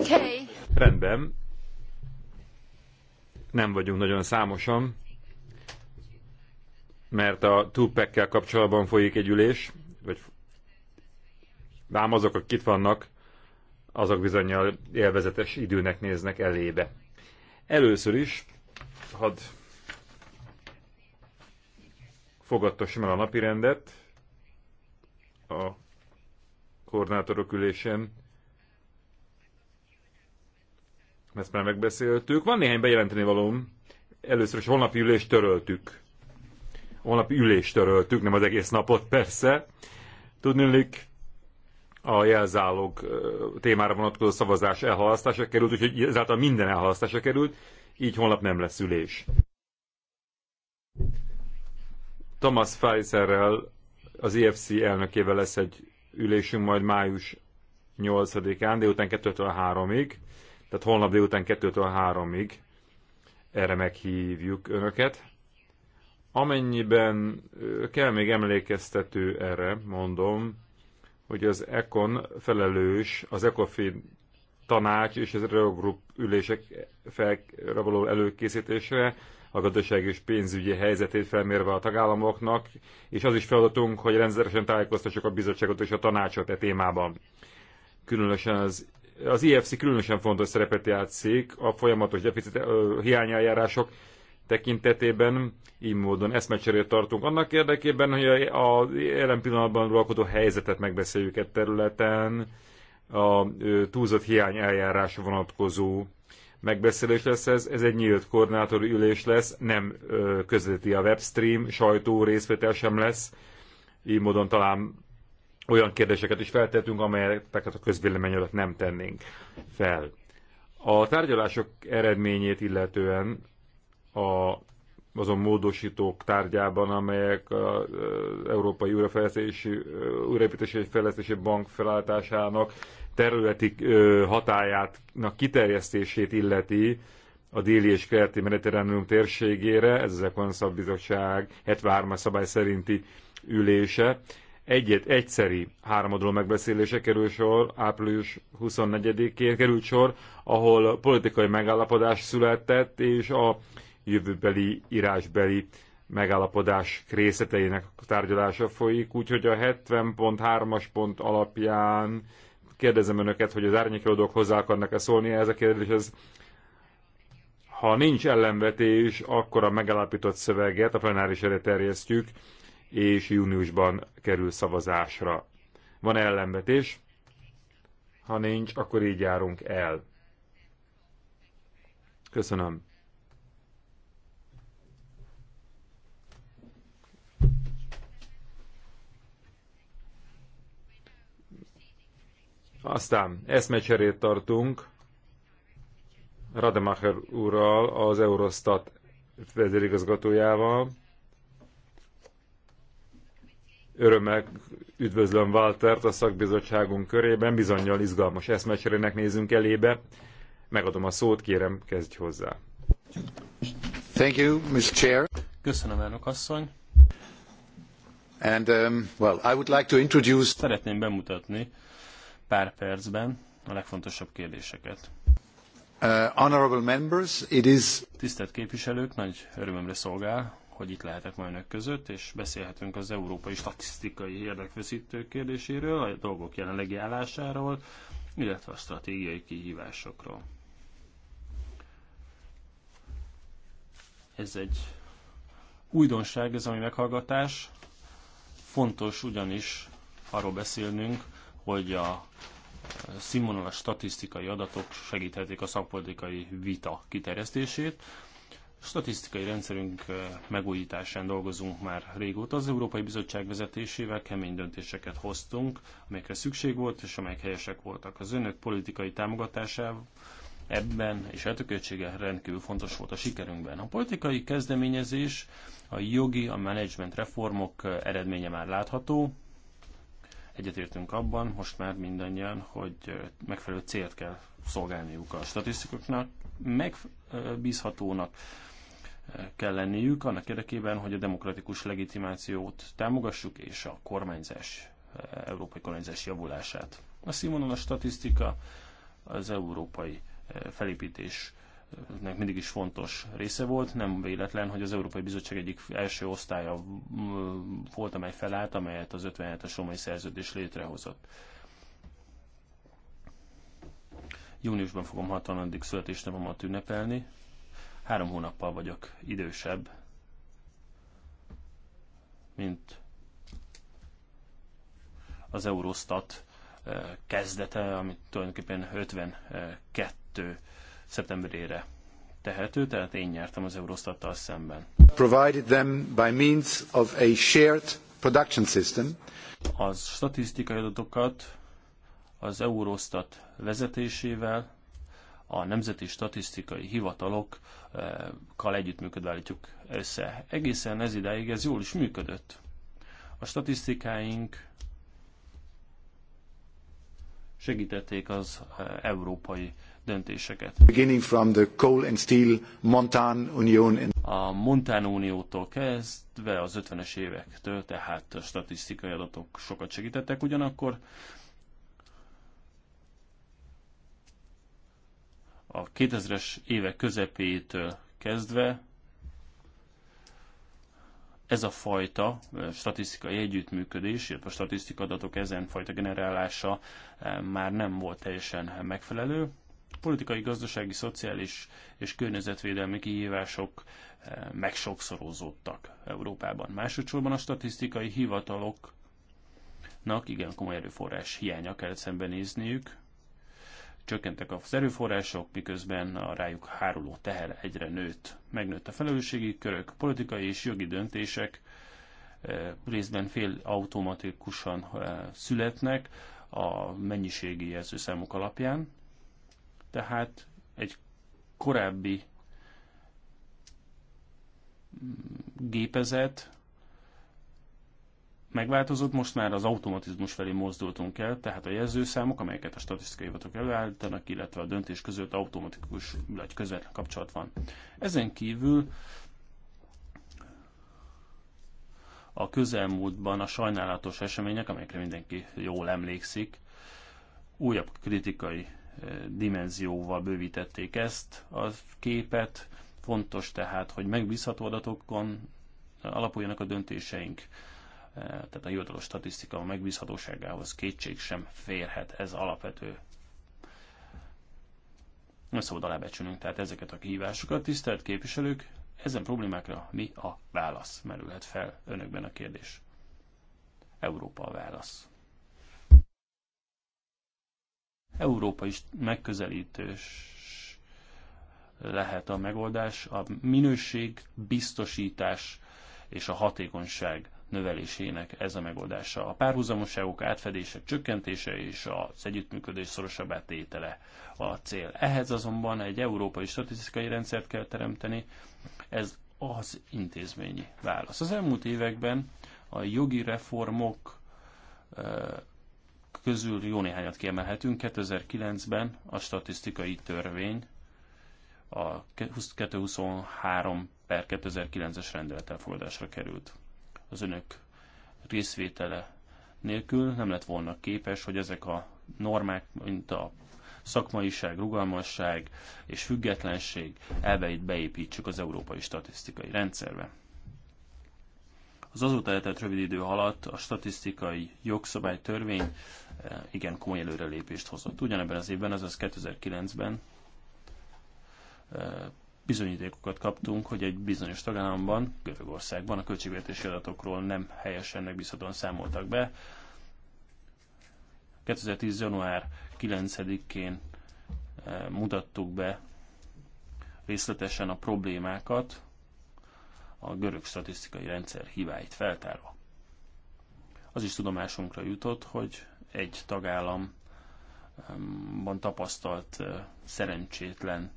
Okay. Rendben. Nem vagyunk nagyon számosan, mert a túpekkel kapcsolatban folyik egy ülés, vagy ám azok, akik itt vannak, azok bizonyal élvezetes időnek néznek elébe. Először is, hadd fogadtassam el a napirendet a koordinátorok ülésén ezt már megbeszéltük. Van néhány bejelenteni valóm. Először is holnapi ülést töröltük. Holnapi ülést töröltük, nem az egész napot persze. Tudnélik, a jelzálog témára vonatkozó szavazás elhalasztása került, úgyhogy ezáltal minden elhalasztása került, így holnap nem lesz ülés. Thomas Pfizerrel, az EFC elnökével lesz egy ülésünk majd május 8-án, délután 2-től 3-ig tehát holnap délután 2-től 3-ig erre meghívjuk önöket. Amennyiben kell még emlékeztető erre, mondom, hogy az ECON felelős, az ECOFIN tanács és az Eurogroup ülések felre való előkészítésre, a gazdaság és pénzügyi helyzetét felmérve a tagállamoknak, és az is feladatunk, hogy rendszeresen tájékoztassuk a bizottságot és a tanácsot e témában. Különösen az az IFC különösen fontos szerepet játszik a folyamatos deficit ö, hiányeljárások tekintetében, így módon eszmecserét tartunk. Annak érdekében, hogy a, a jelen pillanatban uralkodó helyzetet megbeszéljük egy területen, a ö, túlzott hiány eljárás vonatkozó megbeszélés lesz ez, ez egy nyílt koordinátori ülés lesz, nem ö, közvetíti a webstream, sajtó részvétel sem lesz, így módon talán olyan kérdéseket is feltettünk, amelyeket a közvélemény alatt nem tennénk fel. A tárgyalások eredményét illetően a, azon módosítók tárgyában, amelyek az Európai Újraépítési és Fejlesztési Bank felállításának területi hatájának kiterjesztését illeti a déli és keleti mediterránium térségére, ez az Ekonszabbizottság 73-as szabály szerinti ülése egyet, egyszeri háromadról megbeszélése kerül sor, április 24-én került sor, ahol politikai megállapodás született, és a jövőbeli, írásbeli megállapodás részleteinek tárgyalása folyik, úgyhogy a 70.3-as pont alapján kérdezem önöket, hogy az árnyékelődők hozzá akarnak-e szólni ez a kérdés, ez ha nincs ellenvetés, akkor a megállapított szöveget a plenáris erre terjesztjük, és júniusban kerül szavazásra. Van -e ellenvetés? Ha nincs, akkor így járunk el. Köszönöm. Aztán eszmecserét tartunk Rademacher úrral, az Eurostat vezérigazgatójával. Örömmel üdvözlöm Waltert a szakbizottságunk körében, bizonyal izgalmas eszmecserének nézünk elébe. Megadom a szót, kérem, kezdj hozzá. Thank you, Ms. Chair. Köszönöm, elnök asszony. And, um, well, I would like to introduce... Szeretném bemutatni pár percben a legfontosabb kérdéseket. Uh, honorable members, it is... Tisztelt képviselők, nagy örömömre szolgál, hogy itt lehetek majd önök között, és beszélhetünk az európai statisztikai érdekfeszítő kérdéséről, a dolgok jelenlegi állásáról, illetve a stratégiai kihívásokról. Ez egy újdonság, ez a mi meghallgatás. Fontos ugyanis arról beszélnünk, hogy a színvonalas statisztikai adatok segíthetik a szakpolitikai vita kiterjesztését. Statisztikai rendszerünk megújításán dolgozunk már régóta. Az Európai Bizottság vezetésével kemény döntéseket hoztunk, amelyekre szükség volt, és amelyek helyesek voltak. Az önök politikai támogatásával ebben és eltökötsége rendkívül fontos volt a sikerünkben. A politikai kezdeményezés, a jogi, a menedzsment reformok eredménye már látható. Egyetértünk abban, most már mindannyian, hogy megfelelő célt kell szolgálniuk a statisztikoknak, megbízhatónak, kell lenniük annak érdekében, hogy a demokratikus legitimációt támogassuk és a kormányzás, európai kormányzás javulását. A színvonal a statisztika az európai eh, felépítés mindig is fontos része volt. Nem véletlen, hogy az Európai Bizottság egyik első osztálya mm, volt, amely felállt, amelyet az 57-es romai szerződés létrehozott. Júniusban fogom 60. születésnapomat ünnepelni, Három hónappal vagyok idősebb, mint az Eurostat eh, kezdete, amit tulajdonképpen 52 szeptemberére tehető, tehát én nyertem az Eurostattal szemben. Provided them by means of a shared production system. Az statisztikai adatokat az Eurostat vezetésével a nemzeti statisztikai hivatalokkal együttműködve állítjuk össze. Egészen ez idáig ez jól is működött. A statisztikáink segítették az e, európai döntéseket. Beginning from the coal and steel Montan Union in... A Montan Uniótól kezdve az 50-es évektől, tehát a statisztikai adatok sokat segítettek, ugyanakkor a 2000-es évek közepétől kezdve ez a fajta eh, statisztikai együttműködés, illetve a statisztika adatok ezen fajta generálása eh, már nem volt teljesen megfelelő. Politikai, gazdasági, szociális és környezetvédelmi kihívások eh, megsokszorozódtak Európában. Másodszorban a statisztikai hivataloknak igen komoly erőforrás hiánya kell szembenézniük, csökkentek az erőforrások, miközben a rájuk háruló teher egyre nőtt. Megnőtt a felelősségi körök, politikai és jogi döntések eh, részben fél automatikusan eh, születnek a mennyiségi jelzőszámok alapján, tehát egy korábbi mm, gépezet megváltozott, most már az automatizmus felé mozdultunk el, tehát a jelzőszámok, amelyeket a statisztikai hivatok előállítanak, illetve a döntés között automatikus vagy közvetlen kapcsolat van. Ezen kívül a közelmúltban a sajnálatos események, amelyekre mindenki jól emlékszik, újabb kritikai eh, dimenzióval bővítették ezt a képet. Fontos tehát, hogy megbízható adatokon alapuljanak a döntéseink Eh, tehát a hivatalos statisztika a megbízhatóságához kétség sem férhet, ez alapvető. Nem szabad alábecsülnünk tehát ezeket a kihívásokat. Tisztelt képviselők, ezen problémákra mi a válasz? Merülhet fel önökben a kérdés. Európa a válasz. Európa is megközelítős lehet a megoldás, a minőség, biztosítás és a hatékonyság növelésének ez a megoldása. A párhuzamoságok, átfedések csökkentése és az együttműködés szorosabb átétele a cél. Ehhez azonban egy európai statisztikai rendszert kell teremteni, ez az intézményi válasz. Az elmúlt években a jogi reformok közül jó néhányat kiemelhetünk. 2009-ben a statisztikai törvény a 223 per 2009-es rendelet elfogadásra került az önök részvétele nélkül nem lett volna képes, hogy ezek a normák, mint a szakmaiság, rugalmasság és függetlenség elveit beépítsük az európai statisztikai rendszerbe. Az azóta eltelt rövid idő alatt a statisztikai jogszabálytörvény eh, igen komoly előrelépést hozott. Ugyanebben az évben, azaz 2009-ben bizonyítékokat kaptunk, hogy egy bizonyos tagállamban, Görögországban a költségvetési adatokról nem helyesen megbízhatóan számoltak be. 2010. január 9-én eh, mutattuk be részletesen a problémákat, a görög statisztikai rendszer hibáit feltárva. Az is tudomásunkra jutott, hogy egy tagállamban tapasztalt eh, szerencsétlen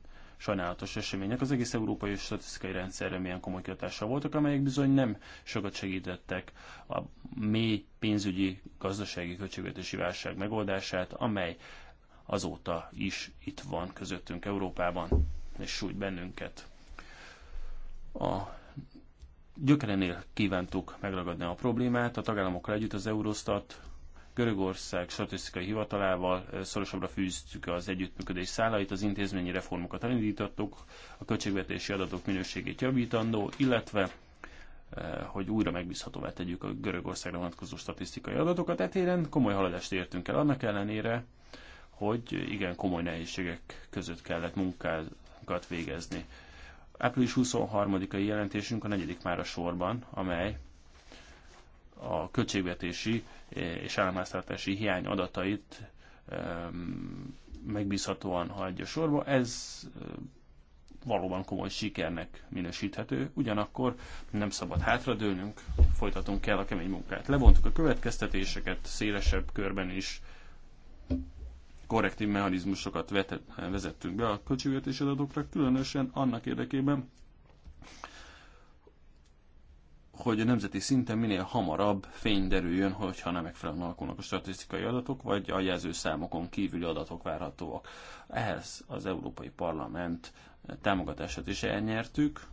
sajnálatos események az egész európai statisztikai rendszerre milyen komoly kihatással voltak, amelyek bizony nem sokat segítettek a mély pénzügyi, gazdasági költségvetési válság megoldását, amely azóta is itt van közöttünk Európában, és sújt bennünket. A gyökerenél kívántuk megragadni a problémát, a tagállamokkal együtt az Eurostat Görögország statisztikai hivatalával szorosabbra fűztük az együttműködés szálait, az intézményi reformokat elindítottuk, a költségvetési adatok minőségét javítandó, illetve hogy újra megbízhatóvá tegyük a Görögországra vonatkozó statisztikai adatokat. Etéren komoly haladást értünk el, annak ellenére, hogy igen komoly nehézségek között kellett munkákat végezni. Április 23-ai jelentésünk a negyedik már a sorban, amely a költségvetési eh, és államháztartási hiány adatait megbízhatóan hagyja sorba. Ez eh, valóban komoly sikernek minősíthető, ugyanakkor nem szabad hátradőlnünk, folytatunk kell a kemény munkát. Levontuk a következtetéseket szélesebb körben is, korrektív mechanizmusokat vezettünk be a költségvetési adatokra, különösen annak érdekében, hogy a nemzeti szinten minél hamarabb fény derüljön, hogyha nem megfelelően alakulnak a statisztikai adatok, vagy a jelzőszámokon kívüli adatok várhatóak. Ehhez az Európai Parlament támogatását is elnyertük.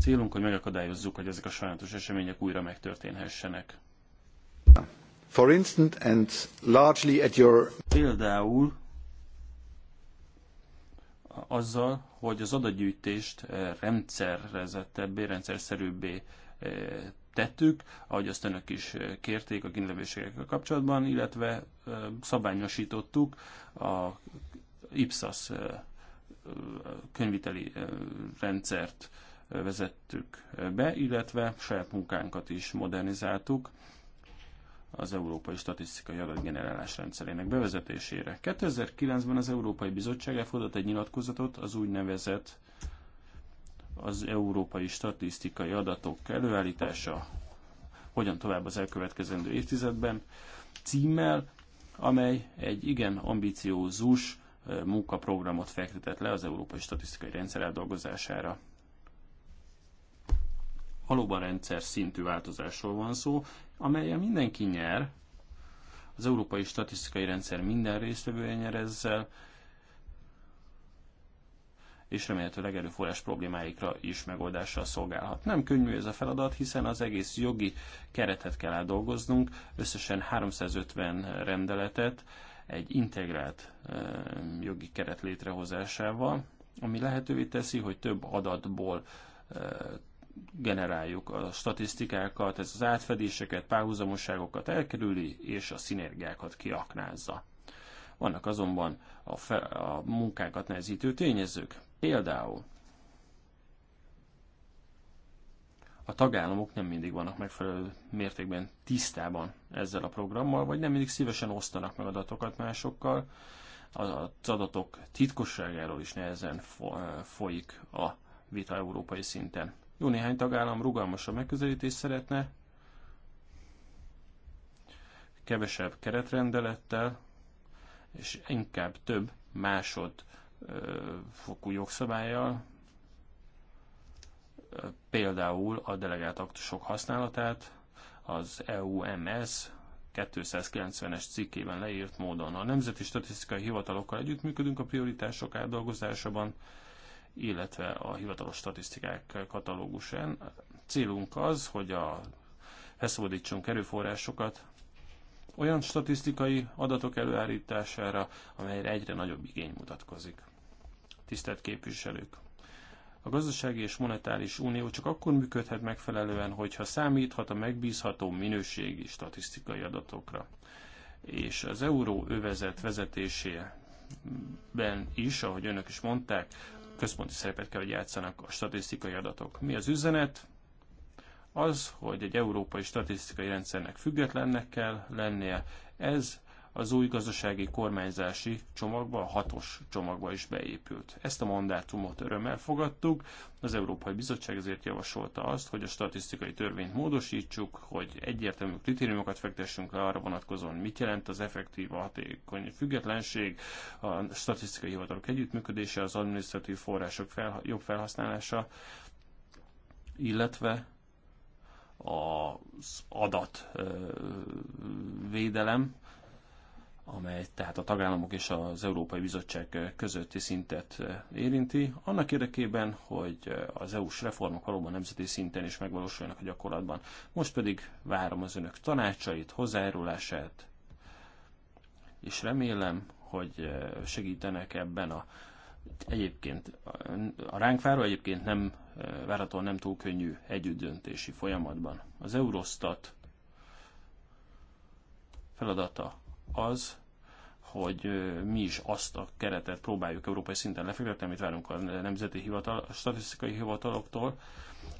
Célunk, hogy megakadályozzuk, hogy ezek a sajátos események újra megtörténhessenek. For instance, and largely at your... Például azzal, hogy az adatgyűjtést eh, rendszerezettebbé, rendszerszerűbbé eh, tettük, ahogy azt önök is eh, kérték a kínlevéségekkel kapcsolatban, illetve szabványosítottuk a IPSAS könyviteli rendszert vezettük be, illetve saját munkánkat is modernizáltuk az Európai Statisztikai Adatgenerálás rendszerének bevezetésére. 2009-ben az Európai Bizottság elfogadott egy nyilatkozatot az úgynevezett az európai statisztikai adatok előállítása hogyan tovább az elkövetkezendő évtizedben címmel, amely egy igen ambiciózus eh, munkaprogramot fektetett le az európai statisztikai rendszer eldolgozására. Valóban rendszer szintű változásról van szó, amelyen mindenki nyer, az európai statisztikai rendszer minden résztvevője nyer ezzel, és remélhetőleg erőforrás problémáikra is megoldással szolgálhat. Nem könnyű ez a feladat, hiszen az egész jogi keretet kell eldolgoznunk, összesen 350 rendeletet egy integrált jogi keret létrehozásával, ami lehetővé teszi, hogy több adatból generáljuk a statisztikákat, ez az átfedéseket, párhuzamoságokat elkerüli, és a szinergiákat kiaknázza. Vannak azonban a, fe, a munkákat nehezítő tényezők. Például a tagállamok nem mindig vannak megfelelő mértékben tisztában ezzel a programmal, vagy nem mindig szívesen osztanak meg adatokat másokkal. Az adatok titkosságáról is nehezen folyik a vita európai szinten. Jó néhány tagállam rugalmasabb megközelítés szeretne, kevesebb keretrendelettel, és inkább több másodfokú jogszabályjal, például a delegált aktusok használatát, az EUMS 290-es cikkében leírt módon. A Nemzeti Statisztikai Hivatalokkal együttműködünk a prioritások átdolgozásában, illetve a hivatalos statisztikák katalógusán. Célunk az, hogy a felszabadítsunk erőforrásokat olyan statisztikai adatok előállítására, amelyre egyre nagyobb igény mutatkozik. Tisztelt képviselők! A gazdasági és monetáris unió csak akkor működhet megfelelően, hogyha számíthat a megbízható minőségi statisztikai adatokra. És az euró övezet vezetésében is, ahogy önök is mondták, központi szerepet kell, hogy játszanak a statisztikai adatok. Mi az üzenet? Az, hogy egy európai statisztikai rendszernek függetlennek kell lennie, ez az új gazdasági kormányzási csomagba, a hatos csomagba is beépült. Ezt a mandátumot örömmel fogadtuk, az Európai Bizottság ezért javasolta azt, hogy a statisztikai törvényt módosítsuk, hogy egyértelmű kritériumokat fektessünk le arra vonatkozóan, mit jelent az effektív, hatékony függetlenség, a statisztikai hivatalok együttműködése, az adminisztratív források fel, jobb felhasználása, illetve az adatvédelem, amely tehát a tagállamok és az Európai Bizottság közötti szintet érinti, annak érdekében, hogy az EU-s reformok valóban nemzeti szinten is megvalósuljanak a gyakorlatban. Most pedig várom az önök tanácsait, hozzájárulását, és remélem, hogy segítenek ebben a egyébként a ránk váró egyébként nem várhatóan nem túl könnyű együttdöntési folyamatban. Az Eurostat feladata az, hogy mi is azt a keretet próbáljuk európai szinten lefektetni, amit várunk a nemzeti hivatal, a statisztikai hivataloktól,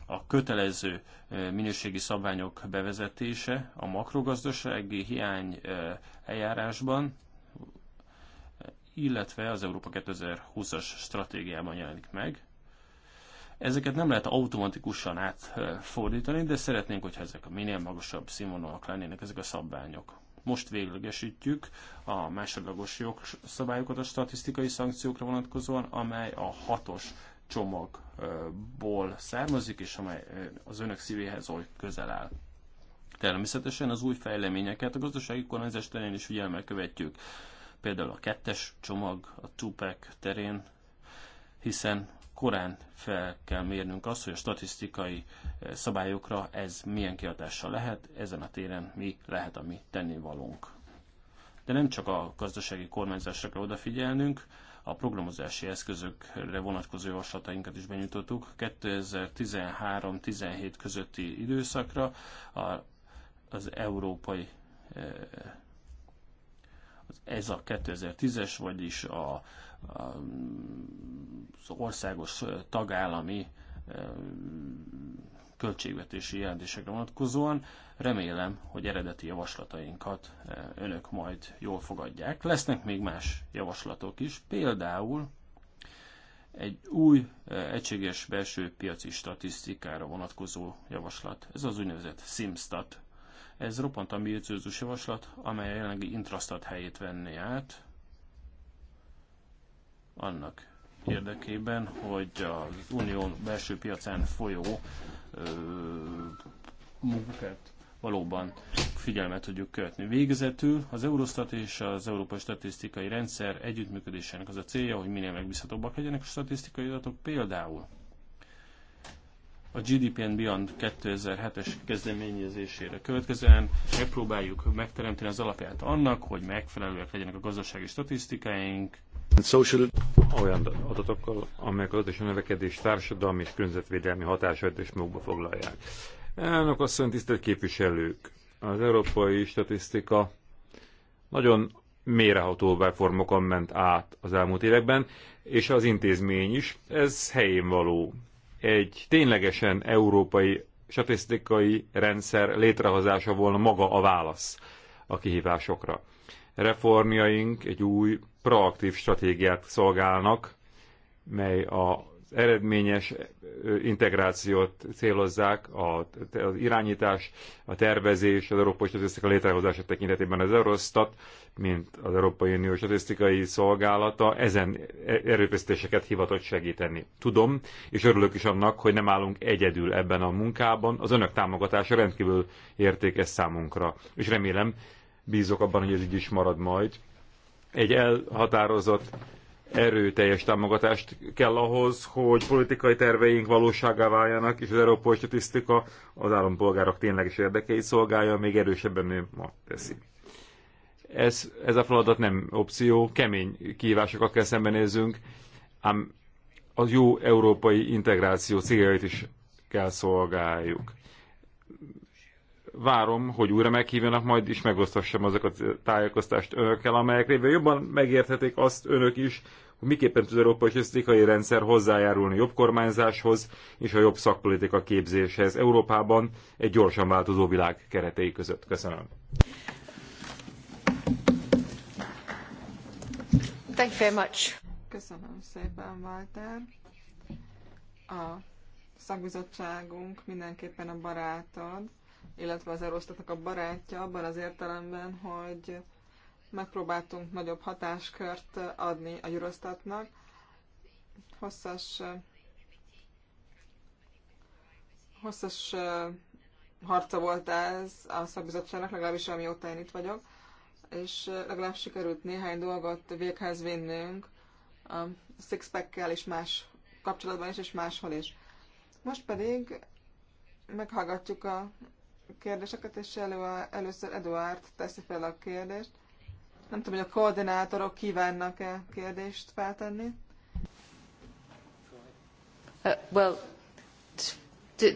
a kötelező minőségi szabványok bevezetése a makrogazdasági hiány eljárásban, illetve az Európa 2020-as stratégiában jelenik meg. Ezeket nem lehet automatikusan átfordítani, de szeretnénk, hogyha ezek a minél magasabb színvonalak lennének ezek a szabványok. Most véglegesítjük a másodlagos jogszabályokat a statisztikai szankciókra vonatkozóan, amely a hatos csomagból származik, és amely eh, az önök szívéhez oly közel áll. Természetesen az új fejleményeket a gazdasági kormányzás terén is figyelemmel követjük. Például a kettes csomag, a Tupac terén, hiszen korán fel kell mérnünk azt, hogy a statisztikai eh, szabályokra ez milyen kihatással lehet, ezen a téren mi lehet a mi tennivalónk. De nem csak a gazdasági kormányzásra kell odafigyelnünk, a programozási eszközökre vonatkozó javaslatainkat is benyújtottuk 2013-17 közötti időszakra a, az európai ez a 2010-es, vagyis a az országos tagállami költségvetési jelentésekre vonatkozóan. Remélem, hogy eredeti javaslatainkat önök majd jól fogadják. Lesznek még más javaslatok is, például egy új egységes belső piaci statisztikára vonatkozó javaslat. Ez az úgynevezett SIMSTAT. Ez roppant ambiciózus javaslat, amely a jelenlegi intrastat helyét venni át, annak érdekében, hogy az unió belső piacán folyó munkát valóban figyelmet tudjuk követni. Végezetül az Eurostat és az Európai Statisztikai Rendszer együttműködésének az a célja, hogy minél megbízhatóbbak legyenek a statisztikai adatok, például a GDP and Beyond 2007-es kezdeményezésére következően megpróbáljuk megteremteni az alapját annak, hogy megfelelőek legyenek a gazdasági statisztikáink, Social... Olyan adatokkal, amelyek az a növekedés társadalmi és környezetvédelmi hatásait is magukba foglalják. Elnök asszony, tisztelt képviselők! Az európai statisztika nagyon méreható reformokon ment át az elmúlt években, és az intézmény is. Ez helyén való. Egy ténylegesen európai statisztikai rendszer létrehozása volna maga a válasz a kihívásokra. Reformjaink egy új proaktív stratégiát szolgálnak, mely az eredményes integrációt célozzák, az irányítás, a tervezés, az Európai Statisztika létrehozása tekintetében az Eurostat, mint az Európai Unió Statisztikai Szolgálata ezen e-, erőfeszítéseket hivatott segíteni. Tudom, és örülök is annak, hogy nem állunk egyedül ebben a munkában. Az önök támogatása rendkívül értékes számunkra, és remélem, bízok abban, hogy ez így is marad majd egy elhatározott erőteljes támogatást kell ahhoz, hogy politikai terveink valóságá váljanak, és az európai statisztika az állampolgárok tényleges érdekeit szolgálja, még erősebben, mi ma teszi. Ez, ez a feladat nem opció, kemény kihívásokkal kell szembenézzünk, ám az jó európai integráció céljait is kell szolgáljuk várom, hogy újra meghívjanak, majd is megosztassam azokat a tájékoztást önökkel, amelyek révén jobban megérthetik azt önök is, hogy miképpen tud az európai statisztikai rendszer hozzájárulni jobb kormányzáshoz és a jobb szakpolitika képzéshez Európában egy gyorsan változó világ keretei között. Köszönöm. Thank you very much. Köszönöm szépen, Walter. A szakbizottságunk mindenképpen a barátod illetve az Eurostatnak a barátja abban az értelemben, hogy megpróbáltunk nagyobb hatáskört adni a gyurosztatnak. Hosszas, hosszas harca volt ez a szakbizottságnak, legalábbis amióta én itt vagyok, és legalább sikerült néhány dolgot véghez vinnünk a six kel és más kapcsolatban is, és máshol is. Most pedig meghallgatjuk a kérdéseket, és elő, először Eduard teszi fel a kérdést. Nem tudom, hogy a koordinátorok kívánnak-e kérdést feltenni. Uh, well,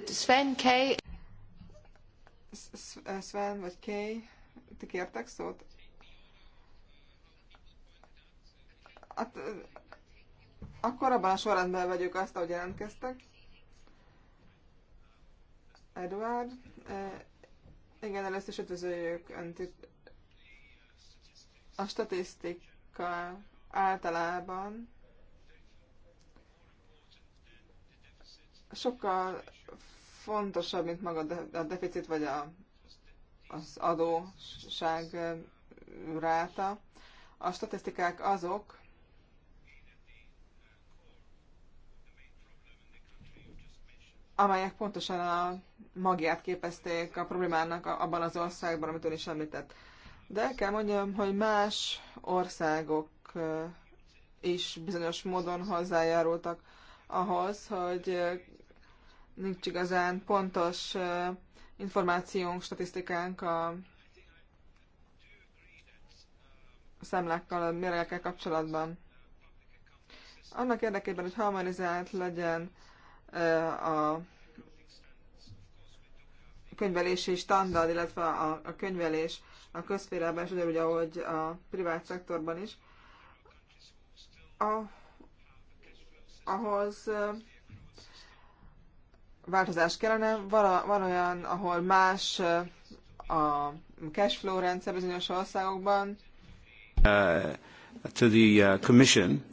Sven K. Sven vagy K. Ti kértek szót? Hát, akkor abban a sorrendben vegyük azt, ahogy jelentkeztek. Edward. Igen, először is üdvözöljük Önt itt. A statisztika általában sokkal fontosabb, mint maga a deficit vagy a, az adóság ráta. A statisztikák azok, amelyek pontosan a magját képezték a problémának abban az országban, amit ön is említett. De el kell mondjam, hogy más országok is bizonyos módon hozzájárultak ahhoz, hogy nincs igazán pontos információnk, statisztikánk a szemlákkal, a mérlekkel kapcsolatban. Annak érdekében, hogy harmonizált legyen a könyvelési standard, illetve a, a könyvelés a közférában, és ugyanúgy, ahogy a privát szektorban is, a, ahhoz változás kellene. Van, van olyan, ahol más a cashflow rendszer bizonyos országokban. Uh, to the uh, commission.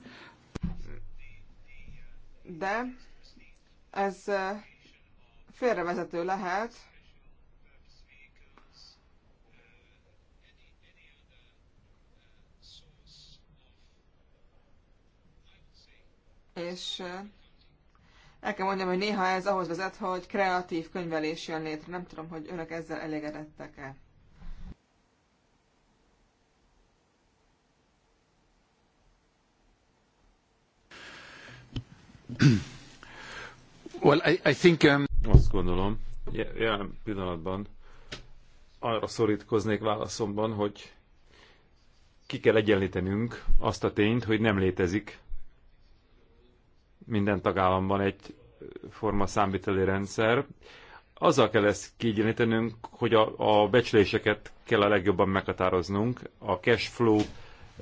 De ez félrevezető lehet, és el kell mondjam, hogy néha ez ahhoz vezet, hogy kreatív könyvelés jön létre. Nem tudom, hogy önök ezzel elégedettek-e. Um, azt gondolom, jelen pillanatban arra szorítkoznék válaszomban, hogy ki kell egyenlítenünk azt a tényt, hogy nem létezik minden tagállamban egy forma számviteli rendszer. Azzal kell ezt kiegyenlítenünk, hogy a, a becsléseket kell a legjobban meghatároznunk. A cash flow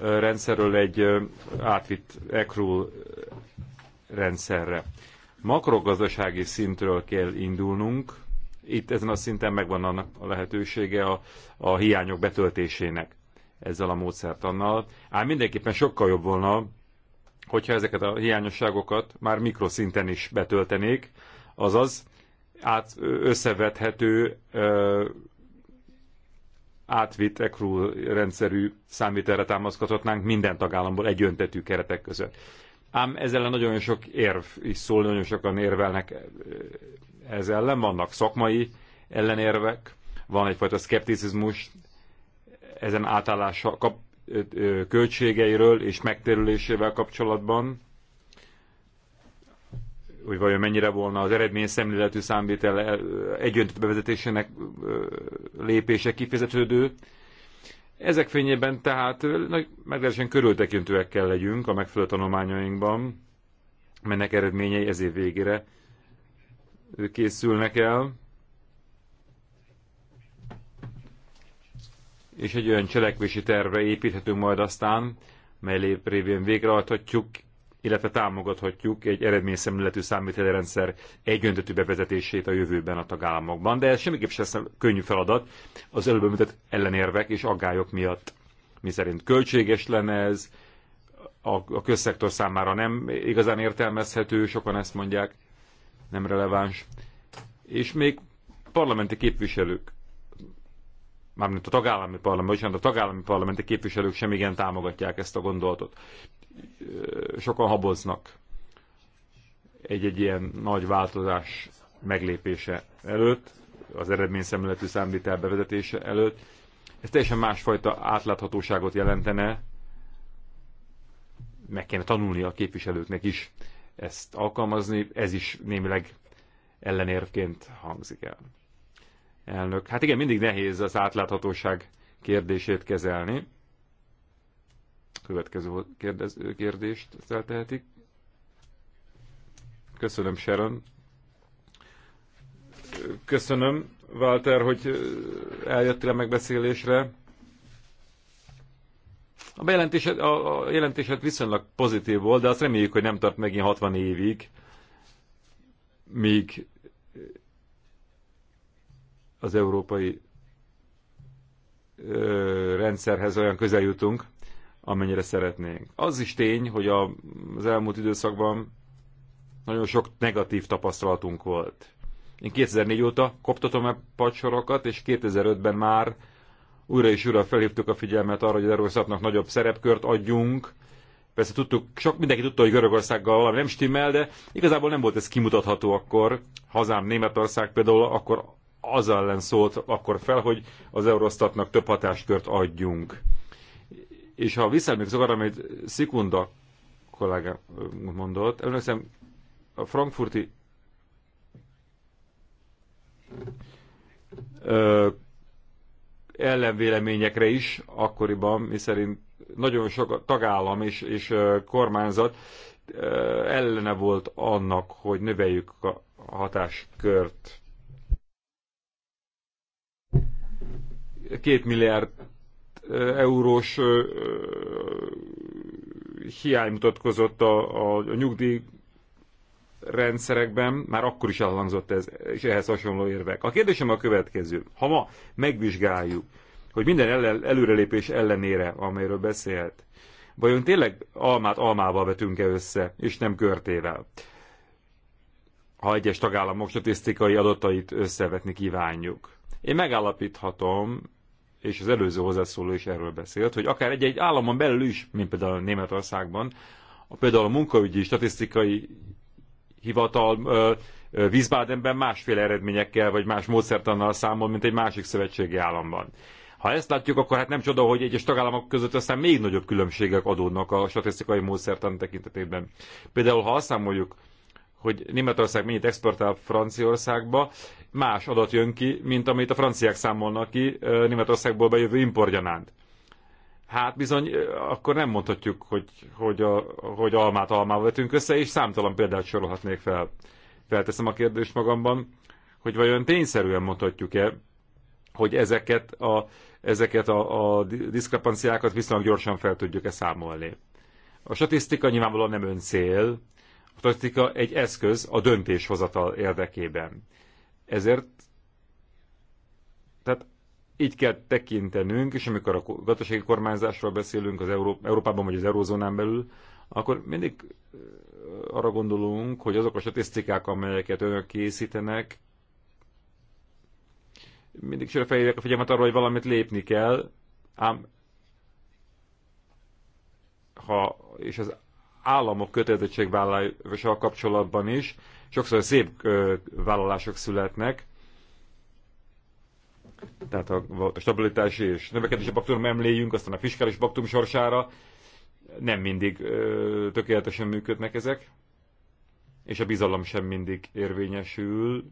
rendszerről egy átvitt accrual rendszerre makrogazdasági szintről kell indulnunk, itt ezen a szinten megvan annak a lehetősége a, a hiányok betöltésének ezzel a módszertannal. Ám mindenképpen sokkal jobb volna, hogyha ezeket a hiányosságokat már mikroszinten is betöltenék, azaz át, összevethető, ö, átvitt ECRU rendszerű számítára támaszkodhatnánk minden tagállamból egyöntetű keretek között. Ám ezzel nagyon sok érv is szól, nagyon sokan érvelnek eh, ez ellen. Vannak szakmai ellenérvek, van egyfajta szkepticizmus ezen átállása kap, eh, eh, költségeiről és megtérülésével kapcsolatban, hogy vajon mennyire volna az eredmény szemléletű számvétel egyöntött bevezetésének lépése kifizetődő, ezek fényében tehát meglehetősen körültekintőek kell legyünk a megfelelő tanulmányainkban, mennek eredményei ez év végére készülnek el. És egy olyan cselekvési tervre építhetünk majd aztán, mely révén végrehajthatjuk illetve támogathatjuk egy eredményszemléletű rendszer egyöntetű bevezetését a jövőben a tagállamokban, de ez semmiképp sem könnyű feladat az előbb említett ellenérvek és aggályok miatt. Mi szerint költséges lenne ez, a, a közszektor számára nem igazán értelmezhető, sokan ezt mondják, nem releváns. És még parlamenti képviselők, mármint a tagállami parlament, a tagállami parlamenti képviselők sem igen támogatják ezt a gondolatot sokan haboznak egy-egy ilyen nagy változás meglépése előtt, az szemületű számvitel bevezetése előtt. Ez teljesen másfajta átláthatóságot jelentene, meg kéne tanulni a képviselőknek is ezt alkalmazni, ez is némileg ellenérvként hangzik el. Elnök, hát igen, mindig nehéz az átláthatóság kérdését kezelni, következő kérdez, kérdést feltehetik. Köszönöm, Sharon. Köszönöm, Walter, hogy eljöttél a megbeszélésre. A bejelentésed, a, a jelentésed viszonylag pozitív volt, de azt reméljük, hogy nem tart megint 60 évig, míg az európai ö, rendszerhez olyan közel jutunk, amennyire szeretnénk. Az is tény, hogy a, az elmúlt időszakban nagyon sok negatív tapasztalatunk volt. Én 2004 óta koptatom a pacsorokat, és 2005-ben már újra és újra felhívtuk a figyelmet arra, hogy az Erőszaknak nagyobb szerepkört adjunk. Persze tudtuk, sok mindenki tudta, hogy Görögországgal valami nem stimmel, de igazából nem volt ez kimutatható akkor. Hazám Németország például akkor az ellen szólt akkor fel, hogy az Eurostatnak több hatáskört adjunk és ha visszaemlékszek arra, amit Szikunda kollégám mondott, emlékszem, a frankfurti ö, ellenvéleményekre is akkoriban, miszerint nagyon sok tagállam és, és kormányzat ellene volt annak, hogy növeljük a hatáskört. Két milliárd eurós hiány mutatkozott a, a, a nyugdíj rendszerekben, már akkor is elhangzott ez, és ehhez hasonló érvek. A kérdésem a következő. Ha ma megvizsgáljuk, hogy minden ellen, előrelépés ellenére, amelyről beszélt, vajon tényleg almát almával vetünk-e össze, és nem körtével? Ha egyes tagállamok statisztikai adatait összevetni kívánjuk. Én megállapíthatom, és az előző hozzászóló is erről beszélt, hogy akár egy-egy államon belül is, mint például Németországban, a, például a munkaügyi statisztikai hivatal Wiesbadenben másféle eredményekkel vagy más módszertannal számol, mint egy másik szövetségi államban. Ha ezt látjuk, akkor hát nem csoda, hogy egyes tagállamok között aztán még nagyobb különbségek adódnak a statisztikai módszertan tekintetében. Például, ha azt számoljuk, hogy Németország mennyit exportál Franciaországba, más adat jön ki, mint amit a franciák számolnak ki Németországból bejövő importgyanánt. Hát bizony, akkor nem mondhatjuk, hogy, hogy, a, hogy almát almával vetünk össze, és számtalan példát sorolhatnék fel. Felteszem a kérdést magamban, hogy vajon tényszerűen mondhatjuk-e, hogy ezeket a, ezeket a, a diszkrepanciákat viszonylag gyorsan fel tudjuk-e számolni. A statisztika nyilvánvalóan nem ön cél, a statisztika egy eszköz a döntéshozatal érdekében. Ezért tehát így kell tekintenünk, és amikor a gazdasági kormányzásról beszélünk az Euró- Európában vagy az Eurózónán belül, akkor mindig arra gondolunk, hogy azok a statisztikák, amelyeket önök készítenek, mindig sőre felhívják a figyelmet arra, hogy valamit lépni kell, ám ha, és az államok kötelezettségvállalással kapcsolatban is, sokszor szép vállalások születnek, tehát a, a stabilitási és növekedési paktum emléljünk, aztán a fiskális baktum sorsára, nem mindig ö, tökéletesen működnek ezek, és a bizalom sem mindig érvényesül.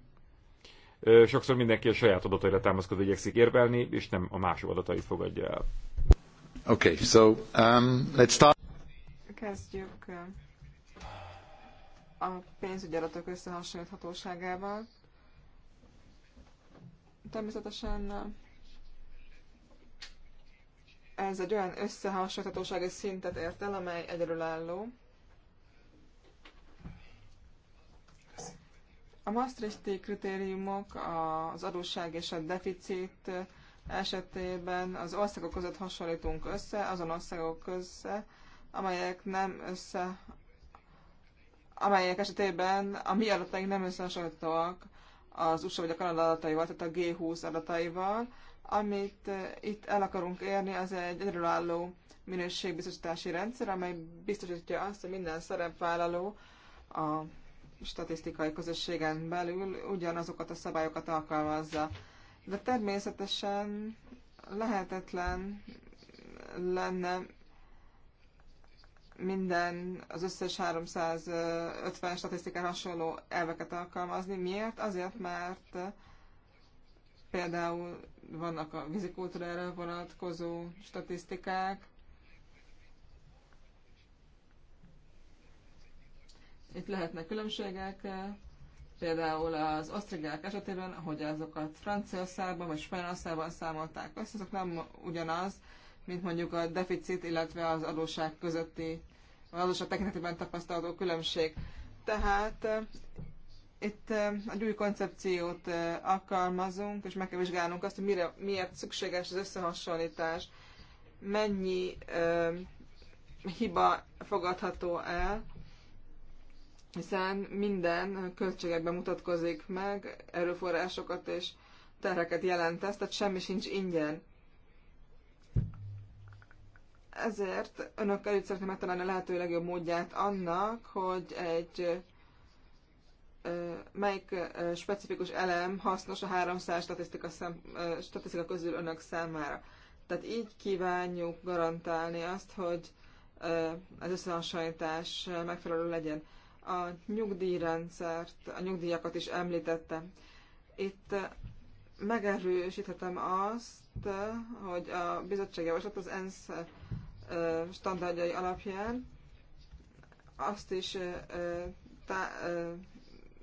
Ö, sokszor mindenki a saját adataira támaszkodva igyekszik érvelni, és nem a mások adatait fogadja el. Okay, so um, let's start. Kezdjük a pénzügyi adatok összehasonlíthatóságával. Természetesen ez egy olyan összehasonlíthatósági szintet ért el, amely egyedülálló. A Maastrichti kritériumok az adósság és a deficit esetében az országok között hasonlítunk össze, azon országok össze, amelyek nem össze amelyek esetében a mi adataink nem összehasonlítóak az USA vagy a Kanada adataival, tehát a G20 adataival. Amit eh, itt el akarunk érni, az egy egyedülálló minőségbiztosítási rendszer, amely biztosítja azt, hogy minden szerepvállaló a statisztikai közösségen belül ugyanazokat a szabályokat alkalmazza. De természetesen lehetetlen lenne minden, az összes 350 statisztikán hasonló elveket alkalmazni. Miért? Azért, mert például vannak a vizikultúrára vonatkozó statisztikák, Itt lehetnek különbségek, például az osztrigák esetében, hogy azokat Franciaországban vagy Spanyolországban számolták össze, azok nem ugyanaz, mint mondjuk a deficit, illetve az adósság közötti, az adósság tekintetében tapasztalható különbség. Tehát itt egy új koncepciót alkalmazunk, és meg kell vizsgálnunk azt, hogy mire, miért szükséges az összehasonlítás, mennyi uh, hiba fogadható el, hiszen minden költségekben mutatkozik meg, erőforrásokat és terheket jelent ez, tehát semmi sincs ingyen. Ezért önök előtt szeretném megtalálni a lehető legjobb módját annak, hogy egy melyik specifikus elem hasznos a 300 statisztika, szem, statisztika közül önök számára. Tehát így kívánjuk garantálni azt, hogy az összehasonlítás megfelelő legyen. A nyugdíjrendszert, a nyugdíjakat is említette. Itt megerősíthetem azt, hogy a bizottság javaslat az ENSZ standardjai alapján. Azt is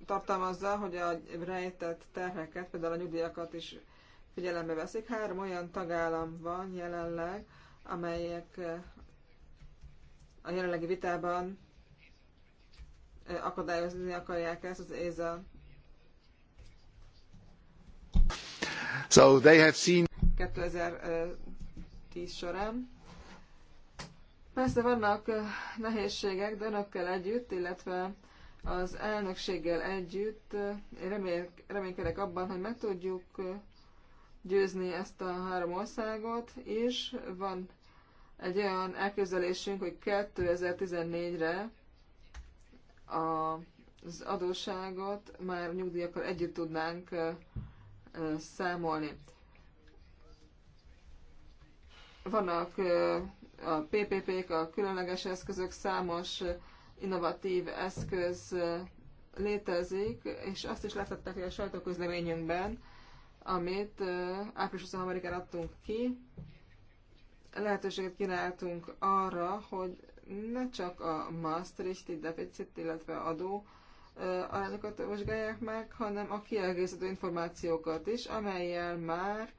tartalmazza, hogy a rejtett terheket, például a nyugdíjakat is figyelembe veszik. Három olyan tagállam van jelenleg, amelyek a jelenlegi vitában akadályozni akarják ezt az ÉZA. So they have seen 2010 során Persze vannak nehézségek, de önökkel együtt, illetve az elnökséggel együtt remél, reménykedek abban, hogy meg tudjuk győzni ezt a három országot, és van egy olyan elképzelésünk, hogy 2014-re az adósságot már nyugdíjakkal együtt tudnánk számolni. Vannak a PPP-k, a különleges eszközök, számos innovatív eszköz létezik, és azt is láthatták, hogy a sajtóközleményünkben, amit április 20 án adtunk ki, lehetőséget kínáltunk arra, hogy ne csak a Maastrichti deficit, illetve adó arányokat vizsgálják meg, hanem a kiegészítő információkat is, amelyel már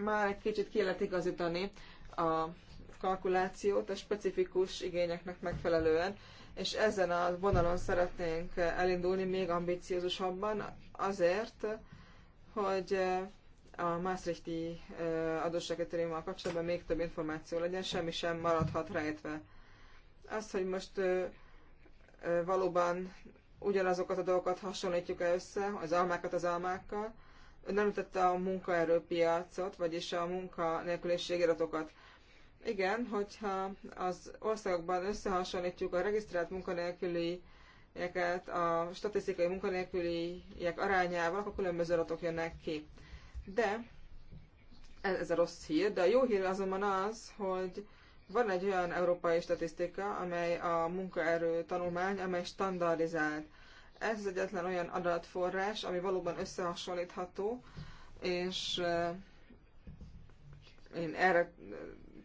már egy kicsit ki lehet igazítani a kalkulációt a specifikus igényeknek megfelelően, és ezen a vonalon szeretnénk elindulni még ambiciózusabban azért, hogy a Maastrichti adósságkritériummal kapcsolatban még több információ legyen, semmi sem maradhat rejtve. Az, hogy most valóban ugyanazokat a dolgokat hasonlítjuk-e össze, az almákat az almákkal, Ön említette a munkaerőpiacot, vagyis a munkanélküliségi adatokat. Igen, hogyha az országokban összehasonlítjuk a regisztrált munkanélkülieket a statisztikai munkanélküliek arányával, akkor különböző adatok jönnek ki. De ez, ez a rossz hír, de a jó hír azonban az, hogy van egy olyan európai statisztika, amely a munkaerő tanulmány, amely standardizált. Ez az egyetlen olyan adatforrás, ami valóban összehasonlítható, és eh, én erre eh,